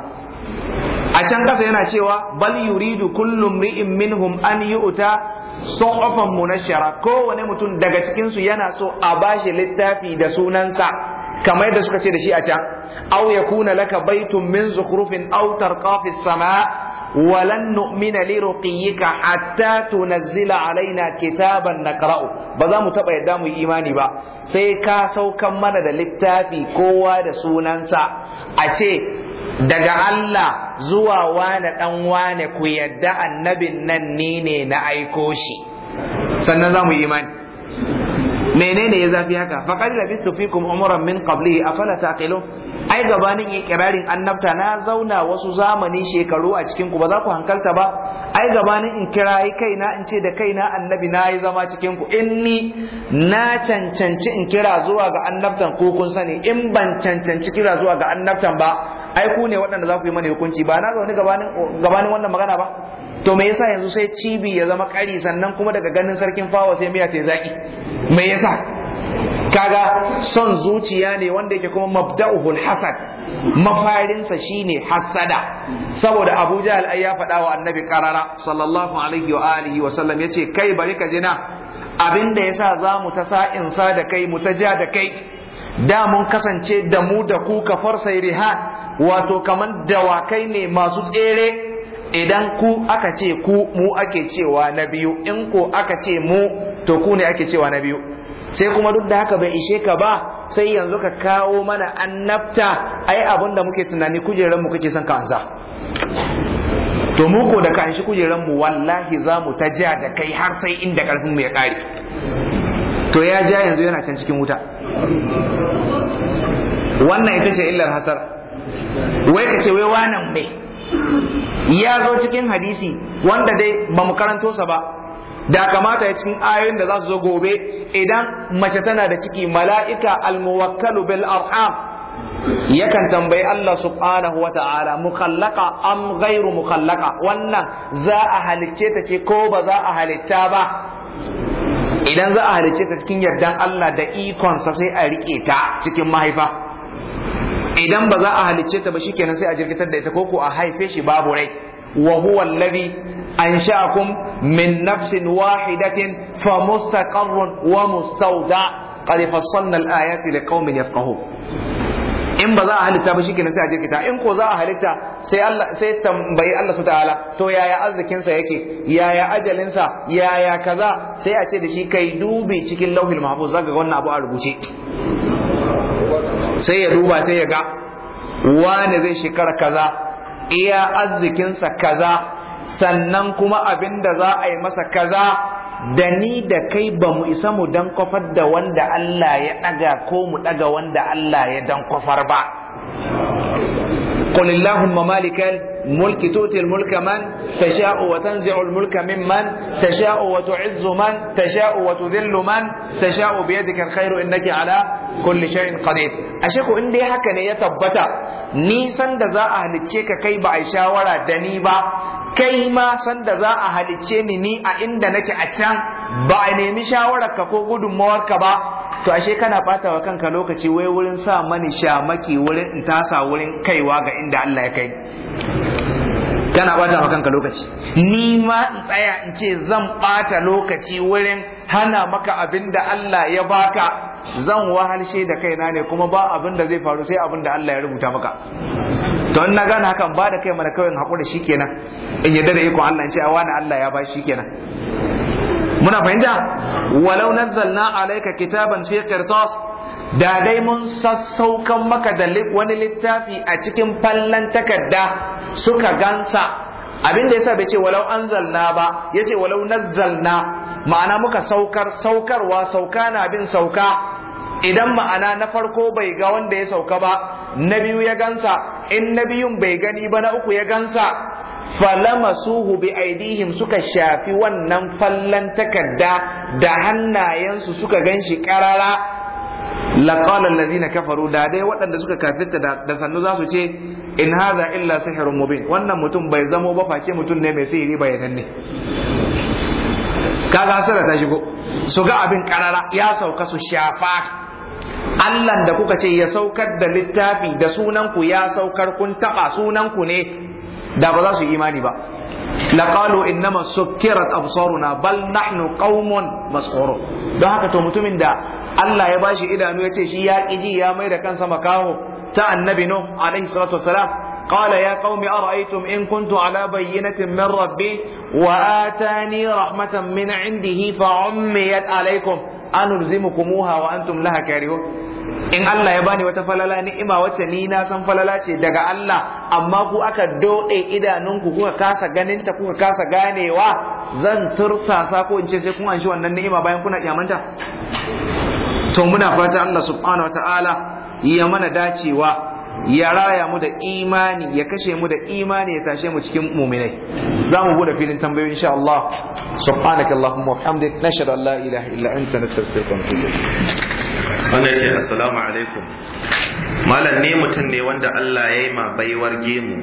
a can ƙasa yana cewa bal yuridu kullum ri'in minhum an yu'ta suhufan munashara kowane mutum daga cikin su yana so a bashi littafi da sunansa kamar yadda suka ce da shi a can aw yakuna laka baitun min zukhrufin aw tarqa fi ke ولن نؤمن لرقيك حتى تنزل علينا كتابا نقرأه بذا متبع يدام إيماني با سيكا سوكا من دا للتافي كوا دا سونانسا أشي daga Allah zuwa wane dan wane ku yadda annabin nan ni ne na aiko shi sannan za mu yi imani menene ya zafi haka faqad labistu fikum umran min qablihi afala taqilun ai gabanin ikirarin annabta na zauna wasu zamani shekaru a cikinku ku ba za ku hankalta ba ai gabanin in kira kirayi kaina in ce da kaina annabi na yi zama cikin ku in ni na cancanci in kira zuwa ga annabtan ko kun sani in ban cancanci kira zuwa ga annabtan ba ai ku ne waɗanda za ku yi mana hukunci ba na zaune gabanin wannan magana ba to me yasa yanzu sai cibi ya zama kari sannan kuma daga ganin sarkin fawa sai miya ta zaki me yasa kaga son zuciya ne wanda yake kuma mabda'ul hasad mafarinsa shine hassada saboda Abu Jahal ai ya faɗa wa Annabi karara sallallahu alaihi wa alihi wa sallam yace kai bari ka jina abinda yasa za mu ta sa'in sa da kai mu ta ja da kai da mun kasance da mu da ku ka sai rihan wato kaman dawakai ne masu tsere idan ku aka ce ku mu ake cewa na biyu in ko aka ce mu to ku ne ake cewa na biyu sai kuma duk da haka bai ishe ka ba sai yanzu ka kawo mana annabta ai abin muke tunani kujeran mu kake son ka ansa to mu ko da ka anshi kujeran mu wallahi za mu ta ja da kai har sai inda karfin mu ya kare to ya ja yanzu yana can cikin wuta wannan ita ce illar hasar wai ka ce wai wannan mai ya zo cikin hadisi wanda dai ba mu karanto sa ba da kamata ya cikin ayoyin da za su zo gobe idan mace tana da ciki mala'ika almuwakkalu bil arham yakan tambayi Allah subhanahu wa ta'ala mukallaka am ghairu mukallaka wannan za a halicce ta ce ko ba za a halitta ba idan za a halicce ta cikin yardan Allah da ikonsa sai a rike ta cikin mahaifa idan ba za a halicce ta ba shikenan sai a jirgitar da ita ko ko a haife shi babu rai wa huwa allazi أنشأكم من نفس واحدة فمستقر ومستودع قد فصلنا الآيات لقوم يفقهون in ba za a halitta ba shikenan sai a jirkita in ko za a halitta sai Allah sai tambayi Allah su ta'ala to yaya arzikin sa yake yaya ajalin sa yaya kaza sai a ce da shi kai dubi cikin lauhil mahfuz zaka ga wannan abu a rubuce sai ya duba sai ya ga wani zai shekara kaza iya arzikin sa kaza sannan kuma abin da za a yi masa kaza da ni da kai ba mu isa mu dan kwafar da wanda Allah ya ɗaga ko mu ɗaga wanda Allah ya dan kwafar ba. Qul mamalikal mulki tutil mulka man tasha'u wa tanzi'u al-mulka mimman tasha'u wa tu'izzu man tasha'u wa tudhillu man tasha'u bi yadika al-khairu innaka ala kulli shay'in qadir ashe ko in dai haka ne ya tabbata ni sanda da za a halicce ka kai ba a shawara da ni ba kai ma sanda za a halicce ni ni a inda nake a can ba a nemi shawararka ko gudunmawarka ba to ashe kana bata kanka lokaci wai wurin sa mani shamaki wurin in tasa wurin kaiwa ga inda Allah ya kai kana bata maka kanka lokaci ni ma in tsaya in ce zan bata lokaci wurin hana maka abin da Allah ya baka zan wahalshe da kaina ne kuma ba abin da zai faru sai abin da Allah ya rubuta maka to in na gane hakan ba da kai mana kawai hakuri shikenan in yadda da iko Allah in ce a Allah ya ba shi kenan. muna fahimta walau nazzalna alayka kitaban fi qirtas da dai mun sassaukan maka da wani littafi a cikin fallan takarda suka gansa abin da yasa bai ce walau anzalna ba yace walau nazzalna ma'ana muka saukar saukarwa sauka na bin sauka idan ma'ana na farko bai ga wanda ya sauka ba na biyu ya gansa in na biyun bai gani ba na uku ya gansa suhu bi aidihim suka shafi wannan fallan takarda da hannayensu suka ganshi karara laqala na kafaru da dai waɗanda suka kafirta da sannu za su ce in hadha illa sihrun mubin wannan mutum bai zamo ba face mutum ne mai sihiri Ka kaga da ta shigo su ga abin karara ya sauka su shafa Allahn da kuka ce ya saukar da littafi da sunanku ya saukar kun taɓa sunanku ne da ba za su yi imani ba laqalu innama sukkirat absaruna bal nahnu qaumun horo, don haka to mutumin da Allah ya bashi idanu ya ce shi ya ƙiji ya mai da kansa makaho ta annabi Nuh alaihi salatu wassalam قال يا قوم أرأيتم إن كنت على بينة من ربي min رحمة من عنده فعميت عليكم أنلزمكموها وأنتم laha كارهون in Allah ya bani wata falala ni'ima wacce ni na san falala ce daga Allah amma ku aka doɗe idanunku kuka kasa ganin ta kuka kasa ganewa zan tursasa ko in ce sai kun shi wannan ni'ima bayan kuna kyamanta to muna fata Allah subhanahu ta'ala ya mana dacewa ya raya mu da imani ya kashe mu da imani ya tashe mu cikin muminai za mu bude filin tambayoyi insha Allah subhanaka allahumma wa hamdik nashhadu an la ilaha illa anta nastaghfiruka wa natubu wannan ce assalamu alaikum malam ne mutum ne wanda Allah ya yi ma baiwar gemu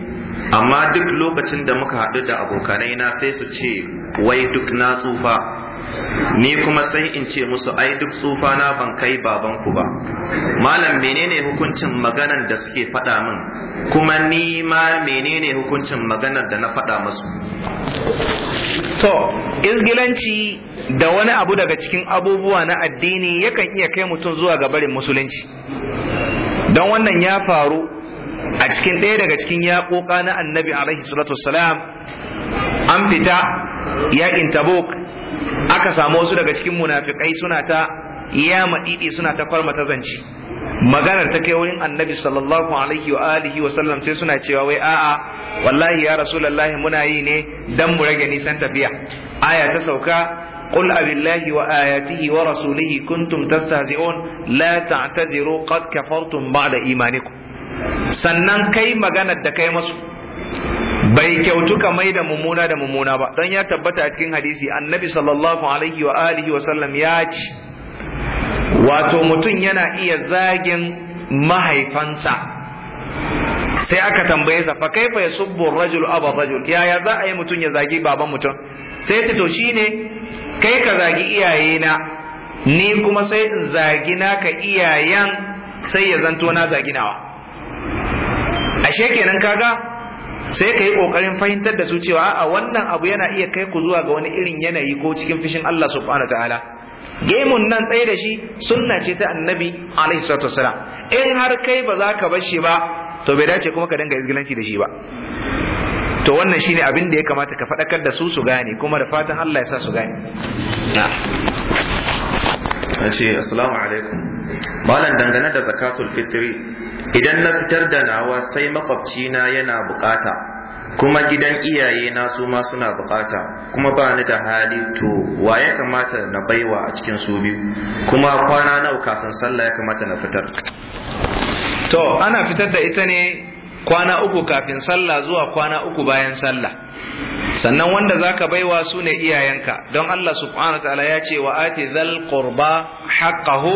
amma duk lokacin da muka haɗu da abokanai na sai su ce wai duk na tsufa ni kuma sai in ce musu ai duk tsufa na ban kai babanku ba malam menene hukuncin maganar da suke faɗa min kuma ni ma menene hukuncin maganar da na faɗa musu to izgilanci da wani abu daga cikin abubuwa na addini yakan iya kai mutum zuwa ga barin musulunci don wannan ya faru a cikin ɗaya daga cikin yaƙoƙa na annabi alaihi salatu an fita yaƙin tabuk aka samu wasu daga cikin munafikai suna ta ya maɗiɗi suna ta kwarmata zance maganar ta kai wurin annabi sallallahu alaihi wa alihi wa sallam sai suna cewa wai a'a wallahi ya rasulullahi muna yi ne dan mu rage nisan tafiya aya ta sauka قل أبالله وآياته ورسوله كنتم تستهزئون لا تعتذروا قد كفرتم بعد إيمانكم sannan kai maganar da kai masu bai kyautu ka mai da mummuna da mummuna ba don ya tabbata a cikin hadisi annabi sallallahu alaihi wa alihi wa sallam ya ce wato mutum yana iya zagin mahaifansa sai aka tambaye sa fa kaifa yasubbu rajul aba rajul yaya za a yi mutum ya zagi baban mutum sai ce to shine kai ka zagi iyaye na, ni kuma sai in zagi ka iyayen sai ya zanto na zaginawa ashe kenan kaga sai ka yi ƙoƙarin fahimtar da su cewa a wannan abu yana iya kai ku zuwa ga wani irin yanayi ko cikin fishin Allah subhanahu ta'ala gemun nan tsaye da shi sunna ce ta annabi alaihi salatu wasalam in har kai ba za ka bar shi ba to bai dace kuma ka danga izgilanci da shi ba to wannan shine abin da ya kamata ka faɗakar da su su gane kuma da fatan Allah ya sa su gane na ce assalamu alaikum malam dangane da zakatul fitri idan na fitar da nawa sai na yana bukata kuma gidan iyaye na su ma suna bukata kuma ba ni da hali to wa ya kamata na baiwa a cikin su biyu kuma kwana nawa kafin sallah ya kamata na fitar to ana fitar da ita ne kwana uku kafin sallah zuwa kwana uku bayan sallah sannan wanda zaka baiwa su ne iyayenka don Allah subhanahu ta'ala ya ce wa ati dhal qurba haqqahu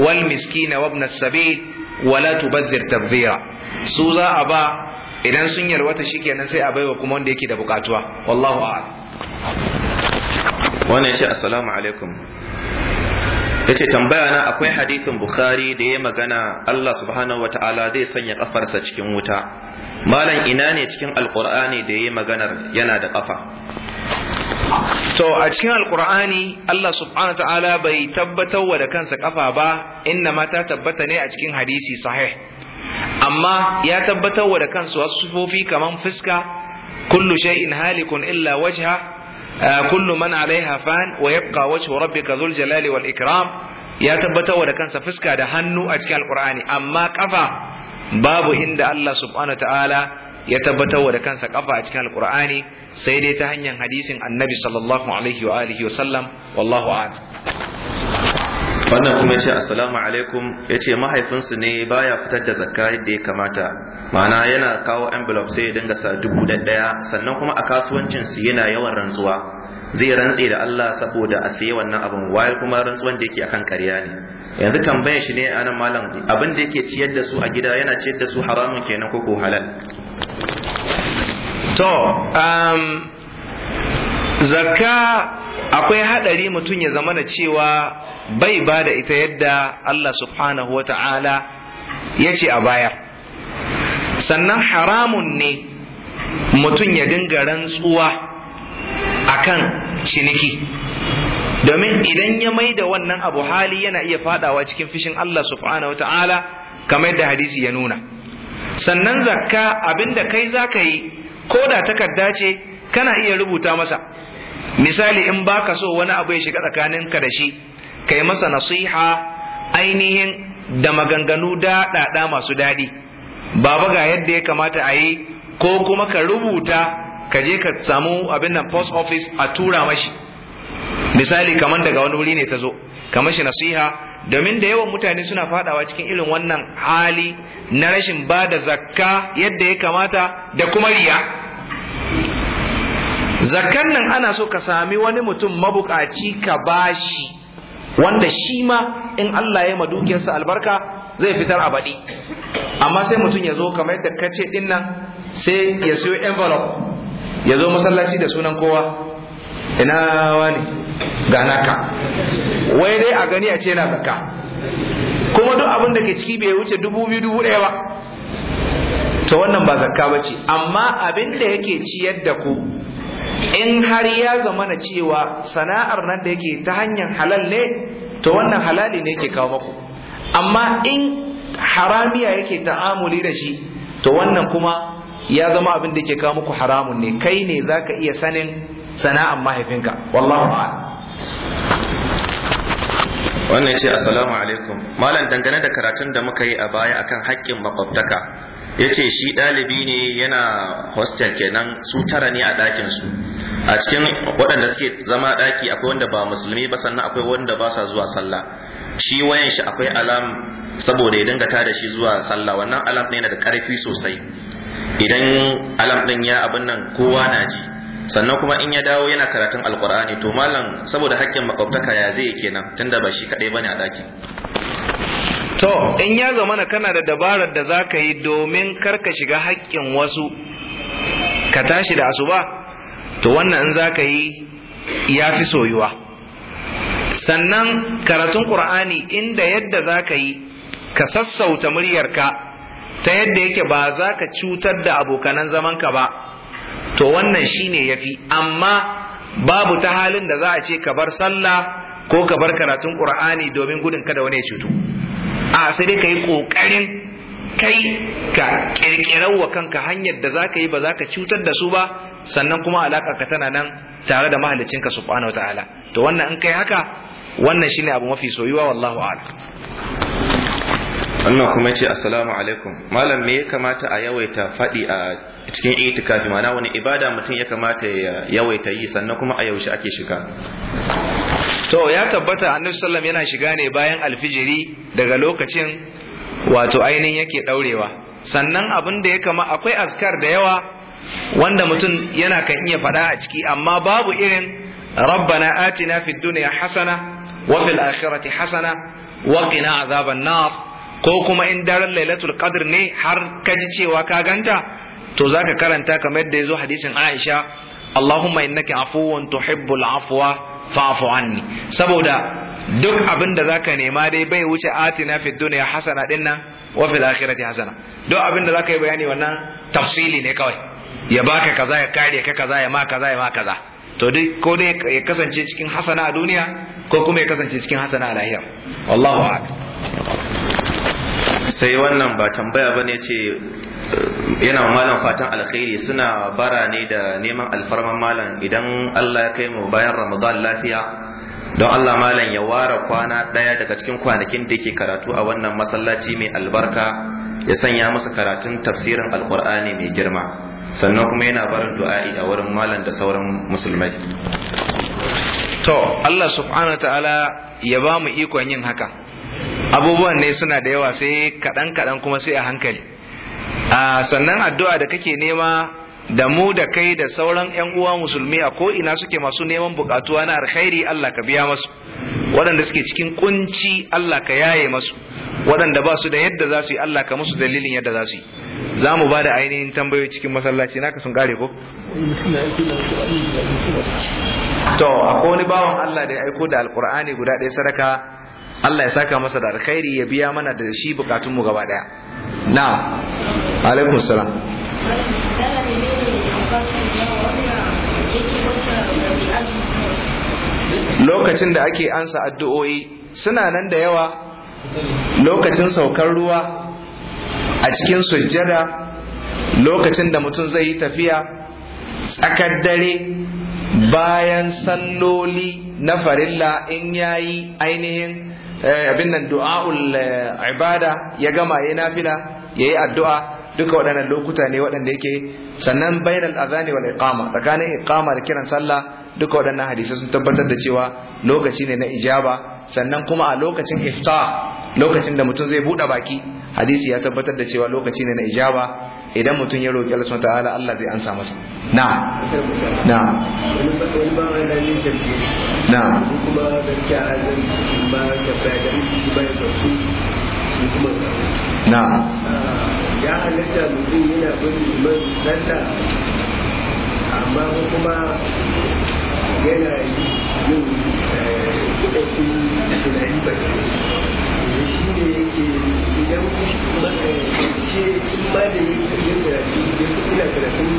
wal miskina wa ibn sabil wala tubazzir tabzira su za a ba idan sun yalwata shikenan sai a baiwa kuma wanda yake da bukatuwa wallahu a'lam wannan shi assalamu alaikum yace tambaya na akwai hadithin bukhari da ya magana Allah subhanahu wataala zai sanya kafarsa cikin wuta malam ina ne cikin alqur'ani da ya maganar yana da kafa to a cikin alkur'ani Allah subhanahu ta'ala bai tabbatar wa da kansa kafa ba inna ma ta tabbata ne a cikin hadisi sahih amma ya tabbatar wa da kansa wasu sufofi kaman fuska kullu shay'in halikun illa wajha kullu man alaiha fan wa yabqa wajhu rabbika dhul jalali wal ikram ya tabbatar wa da kansa fuska da hannu a cikin alkur'ani amma kafa babu inda Allah subhanahu ta'ala ya tabbatar wa da kansa kafa a cikin alkur'ani sai dai ta hanyar hadisin annabi sallallahu alaihi wa alihi wa sallam wallahu a'lam wannan kuma yace assalamu alaikum yace mahaifinsu ne baya fitar da zakka yadda ya kamata ma'ana yana kawo envelope sai ya dinga sa dubu da daya sannan kuma a kasuwancin su yana yawan rantsuwa zai rantse da Allah saboda a sayi wannan abin wayar kuma rantsuwan da yake akan ƙarya ne yanzu tambayar shi ne anan malam abin da yake ciyar da su a gida yana ciyar da su haramun kenan ko halal to um, zakka akwai haɗari mutum ya zama na cewa bai ba da ita yadda Allah subhanahu wa ta'ala ya ce a bayar sannan haramun ne mutum ya dinga rantsuwa a kan ciniki domin idan ya mai da wannan abu hali yana iya fadawa cikin fishin Allah subhanahu wa ta'ala kamar yadda hadisi ya nuna sannan zakka abinda kai za ka yi ko da takarda ce kana iya rubuta masa misali in baka so wani abu ya shiga tsakaninka da shi kai masa nasiha ainihin da maganganu daɗaɗa masu daɗi baba ga yadda ya kamata a yi ko kuma ka rubuta ka je ka samu abin nan post office a tura mashi misali kamar daga wani wuri ne ta zo kamar shi nasiha domin da yawan mutane suna fadawa cikin irin wannan hali na rashin ba da zakka yadda ya kamata da kuma riya zakkan nan ana so ka sami wani mutum mabukaci ka bashi wanda shi ma in Allah ya ma dukiyarsa albarka zai fitar a baɗi amma sai mutum ya zo kamar yadda ka ce ɗin nan sai ya siyo envelope ya zo masallaci da sunan kowa ina wani Ganaka naka wai dai a gani a ce yana zakka kuma duk abin da ke ciki bai wuce dubu biyu dubu ɗaya ba to wannan ba zakka ba ce amma abin da yake ciyar da ku in har ya zama na cewa sana'ar nan da yake ta hanyar halal ne to wannan halali ne ke kawo maku amma in haramiya yake ta'amuli da shi to wannan kuma ya zama abin da yake kawo muku haramun ne kai ne za ka iya sanin sana'ar mahaifinka wallahu a'lam wannan ce assalamu alaikum malam dangane da karatun da muka yi a baya akan haƙƙin makwabtaka ya ce shi ɗalibi ne yana hostel kenan su tara ne a ɗakin su a cikin waɗanda suke zama ɗaki akwai wanda ba musulmi ba sannan akwai wanda ba sa zuwa sallah shi wayan shi akwai alam saboda ya dinga tada shi zuwa sallah wannan alam ɗin yana da ƙarfi sosai idan alam ɗin ya abin nan kowa na ji sannan kuma in ya dawo yana karatun alkur'ani to malam saboda hakkin makwabtaka ya zai kenan tunda ba shi kaɗai ba ne a ɗaki. to in ya zamana kana da dabarar da za ka yi domin karka shiga hakkin wasu ka tashi da asuba to wannan in za ka yi ya fi soyuwa sannan karatun qur'ani inda yadda za ka yi ka sassauta muryarka ta yadda yake ba za ka cutar da abokanan zamanka ba to wannan shine yafi amma babu ta halin da za a ce ka bar sallah ko ka bar karatun qur'ani domin gudun kada wani ya cutu a sai dai ka yi kokarin kai ka kirkirar wa kanka hanyar da zaka yi ba ka cutar da su ba sannan kuma alaka ka tana nan tare da mahaliccinka subhanahu wataala to wannan in kai haka wannan shine abu mafi soyuwa wallahu a'lam wannan kuma ce assalamu alaikum malam me ya kamata a yawaita faɗi a cikin itikafi mana wani ibada mutum ya kamata ya yawaita yi sannan kuma a yaushe ake shiga to ya tabbata annabi sallam yana shiga ne bayan alfijiri daga lokacin wato ainihin yake daurewa sannan abin da ya kama akwai askar da yawa wanda mutum yana kan iya faɗa a ciki amma babu irin rabbana atina fid dunya hasana wa fil akhirati hasana wa qina azaban nar ko kuma in daren lailatul qadr ne har ka ji cewa ka ganta to zaka karanta kamar yadda yazo hadisin Aisha Allahumma innaka afuwun tuhibbul afwa fa'fu anni saboda duk abin da zaka nema dai bai wuce atina fid dunya hasana dinnan wa fil akhirati hasana duk abin da zaka yi bayani wannan tafsili ne kawai ya baka kaza ya kare ka kaza ya ma kaza ya ma kaza to duk ko dai ya kasance cikin hasana a duniya ko kuma ya kasance cikin hasana a lahira wallahu a'lam sai wannan ba tambaya ba ne ce eh, yana malam fatan alkhairi suna bara ne da neman alfarman malam idan Allah ya kai mu bayan ramadan lafiya don Allah malam ya ware kwana ɗaya daga cikin kwanakin da ke karatu a wannan masallaci mai albarka ya sanya masa karatun tafsirin alkur'ani mai girma sannan kuma yana barin du'a'i a wurin malam da sauran musulmai to Allah subhanahu ta'ala ya ba mu ikon yin haka abubuwan ne suna da yawa sai kaɗan kaɗan kuma sai a hankali a sannan addu'a da kake nema da mu da kai da sauran 'yan uwa musulmi a ko ina suke masu neman bukatuwa na alkhairi Allah ka biya masu waɗanda suke cikin kunci Allah ka yaye masu waɗanda ba su da yadda za su yi Allah ka musu dalilin yadda za su yi za mu ba da ainihin tambayoyi cikin masallaci naka sun kare ko? to akwai wani bawan Allah da ya aiko da alkur'ani guda ɗaya sadaka Allah ya saka masa da alkhairi ya biya mana da shi bukatun mu gaba daya na'am alaikum salam lokacin da ake ansa addu'o'i suna nan da yawa lokacin saukar ruwa a cikin sujjada lokacin da mutum zai yi tafiya tsakar dare bayan salloli na farilla in yayi ainihin Eh, abin nan du'a'ul eh, ibada ya gama yayi nafila yayi addu'a duka waɗannan lokuta ne waɗanda yake sannan bainal azani wal iqama tsakanin iqama da kiran sallah duka waɗannan hadisai sun tabbatar da cewa lokaci ne na ijaba sannan kuma a lokacin iftar lokacin da mutum zai buɗe baki hadisi ya tabbatar da cewa lokaci ne na ijaba idan mutum ya roƙi Allah subhanahu ta'ala Allah zai ansa masa na'am na'am tsakanin jam'iyyar na kuma ya na ah, halatta mutum yana bin liman sallah amma kuma yana yin kudaddin eh, tunani ba eh, shi ne yake idan eh, ce cin ma da yi karyar da ya fi ina karatun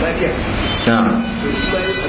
fatiya kuma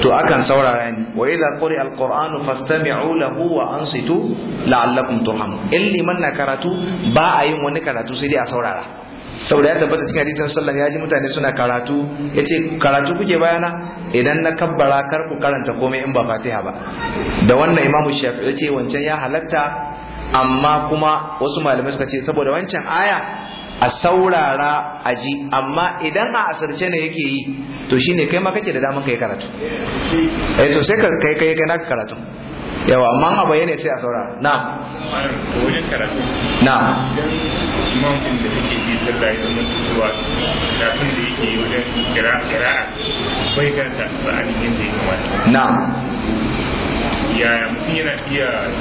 to akan saurara ni wa idza quri alqur'anu fastami'u lahu wa ansitu la'allakum turhamun in liman na karatu ba a yin wani karatu sai dai a saurara saboda ya tabbata cikin hadisin sallallahu ya ji mutane suna karatu yace karatu kuke bayana idan na kabbara kar ku karanta komai in ba fatiha ba da wannan imamu shafi'i ce wancan ya halatta amma kuma wasu malamai suka ce saboda wancan aya a saurara a ji amma idan a asirce ne yake yi to shine kai ma kake da damar kai karatu eh to sai kai kai kai naka karatu yawa amma a bayyane sai a saurara na na idan bai na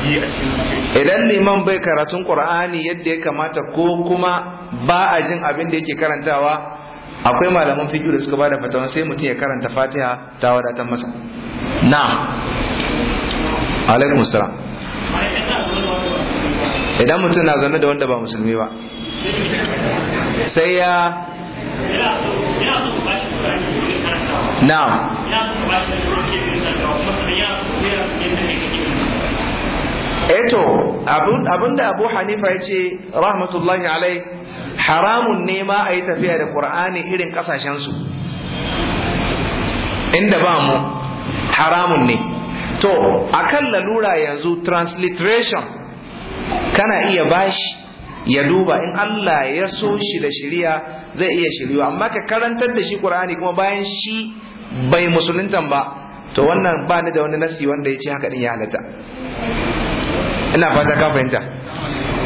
idan liman bai karatun qur'ani yadda ya kamata ko kuma ba a jin abin da yake karantawa akwai malaman fiqh da suka bada fatawa sai mutum ya karanta Fatiha ta wadatar masa na'am alaikum assalam idan mutum na zaune da wanda ba musulmi ba sai ya na'am eto eh abinda abu hanifa ya ce rahmatullahi alai haramun ne ma a yi tafiya da ƙur'ani irin ƙasashensu inda ba mu haramun ne to a kan lalura yanzu transliteration kana iya bashi ya duba in Allah ya so shi da shirya zai iya shirya amma ka karantar da shi ƙur'ani kuma bayan shi bai musuluntan ba to wannan ba ni da wani nasi wanda ya ce haka din ya halatta ina fata ka fahimta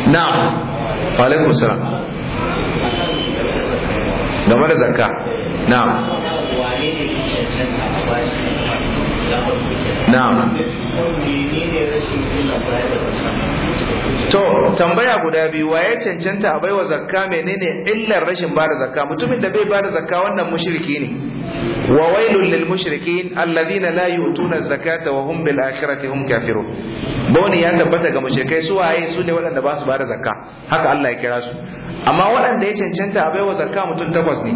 na'am wa alaikum game da zakka na'am na'am to tambaya guda biyu waye cancanta a baiwa zakka menene illar rashin bada zakka mutumin da bai bada zakka wannan mushriki ne wa wailul lil mushrikin alladhina la yu'tuna zakata wa hum bil akhirati hum kafirun boni ya tabbata ga mushrikai su waye su ne waɗanda ba su bada zakka haka Allah ya kira su amma waɗanda ya cancanta a baiwa zakka mutum takwas ne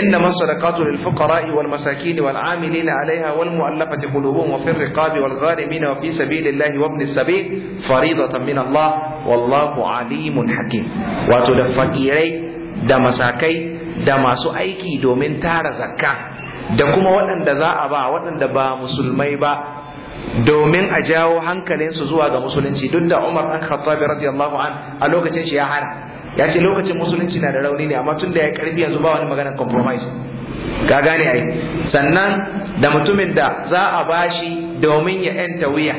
inna masadaqatu lil fuqara'i wal masakin wal amilina 'alayha wal mu'allafati qulubuhum wa fir riqabi wal gharimin wa fi sabilillahi wa ibnis sabil faridatan min Allah wallahu alimun hakim wato da fakirai da masakai da masu aiki domin tara zakka da kuma waɗanda za a ba waɗanda ba musulmai ba domin a jawo hankalinsu zuwa ga musulunci duk da Umar ɗan Khattabi radiyallahu an a lokacin shi ya hana ya ce lokacin musulunci na da rauni ne amma tun da ya karfi yanzu ba wani maganar compromise ka gane ai sannan da mutumin da za a bashi domin ya yanta wuya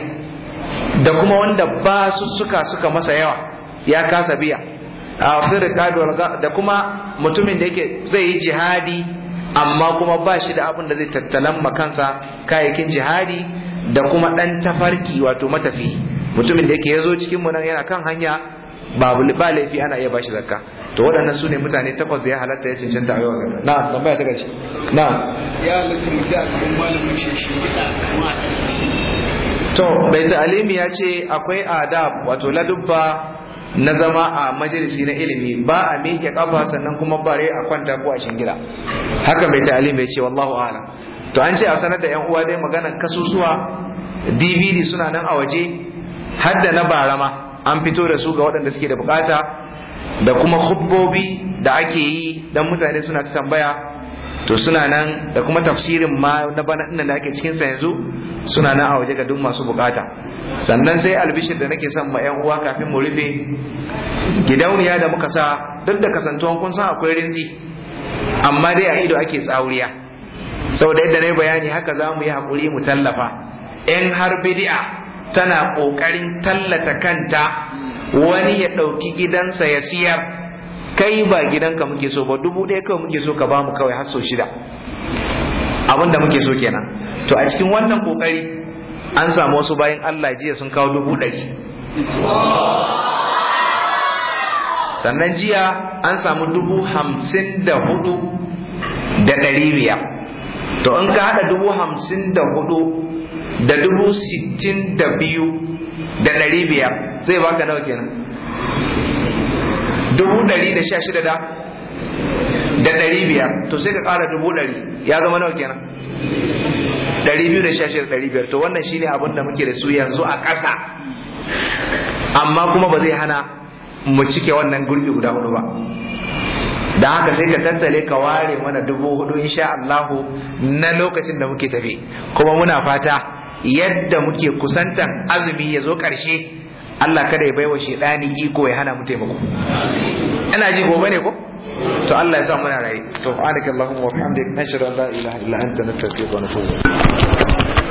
da kuma wanda ba su suka suka masa yawa ya kasa biya a da kuma mutumin da yake zai yi jihadi amma kuma ba shi da abin da zai tattalan makansa kayayyakin jihadi da kuma ɗan tafarki wato matafi mutumin da yake ya zo cikin mu nan yana kan hanya babu ba laifi ana iya bashi zakka to waɗannan su ne mutane takwas da ya halatta ya cancanta a yawan zakka na'am tambaya daga shi na'am ya halatta mu ji al'adun malamin shi shi gida kuma a shi to bai alimi ya ce akwai adab wato ladubba na zama a majalisi na ilimi ba a miƙe kafa sannan kuma bare a kwanta ko a shingira haka bai alimi ya ce wallahu a'lam to an ce a sanar da yan uwa dai maganar kasusuwa dvd suna nan a waje hadda na barama an fito da su ga waɗanda suke da bukata da kuma hubbobi da ake yi don mutane suna ta tambaya to suna nan da kuma tafsirin ma na bana ɗin da ake cikin sa yanzu suna nan a waje ga duk masu bukata sannan sai albishir da nake son ma yan uwa kafin mu rufe gidauniya da muka sa duk da kasantuwan kun san akwai rinzi amma dai a ido ake tsauriya saboda yadda na yi bayani haka za mu yi haƙuri mu tallafa in har bidi'a tana ƙoƙarin tallata kanta wani ya ɗauki gidansa ya siyar kai ba gidanka muke so ba dubu ɗaya kawai muke so ka bamu kawai har sau shida abin da muke so kenan to a cikin wannan ƙoƙari an samu wasu bayan Allah jiya sun kawo dubu ɗari sannan jiya an samu dubu hamsin da hudu da ɗari biyar to in ka haɗa dubu hamsin da hudu da dubu sittin da biyu da ɗari biyar zai baka nawa kenan dubu ɗari da sha shida da ɗari biyar to sai ka ƙara dubu ɗari ya zama nawa kenan ɗari biyu da sha shida ɗari biyar to wannan shine abin da muke da su yanzu a ƙasa amma kuma ba zai hana mu cike wannan gurbi guda hudu ba da haka sai ka tattale ka ware mana dubu hudu insha Allahu na lokacin da muke tafi kuma muna fata yadda muke kusantan azumi ya zo ƙarshe Allah kada ya baiwa shaidani iko ya hana mu taimako ina ji gobe ne ko to Allah ya sa muna raye subhanakallahumma wa bihamdika nashhadu an la ilaha illa anta nastaghfiruka wa natubu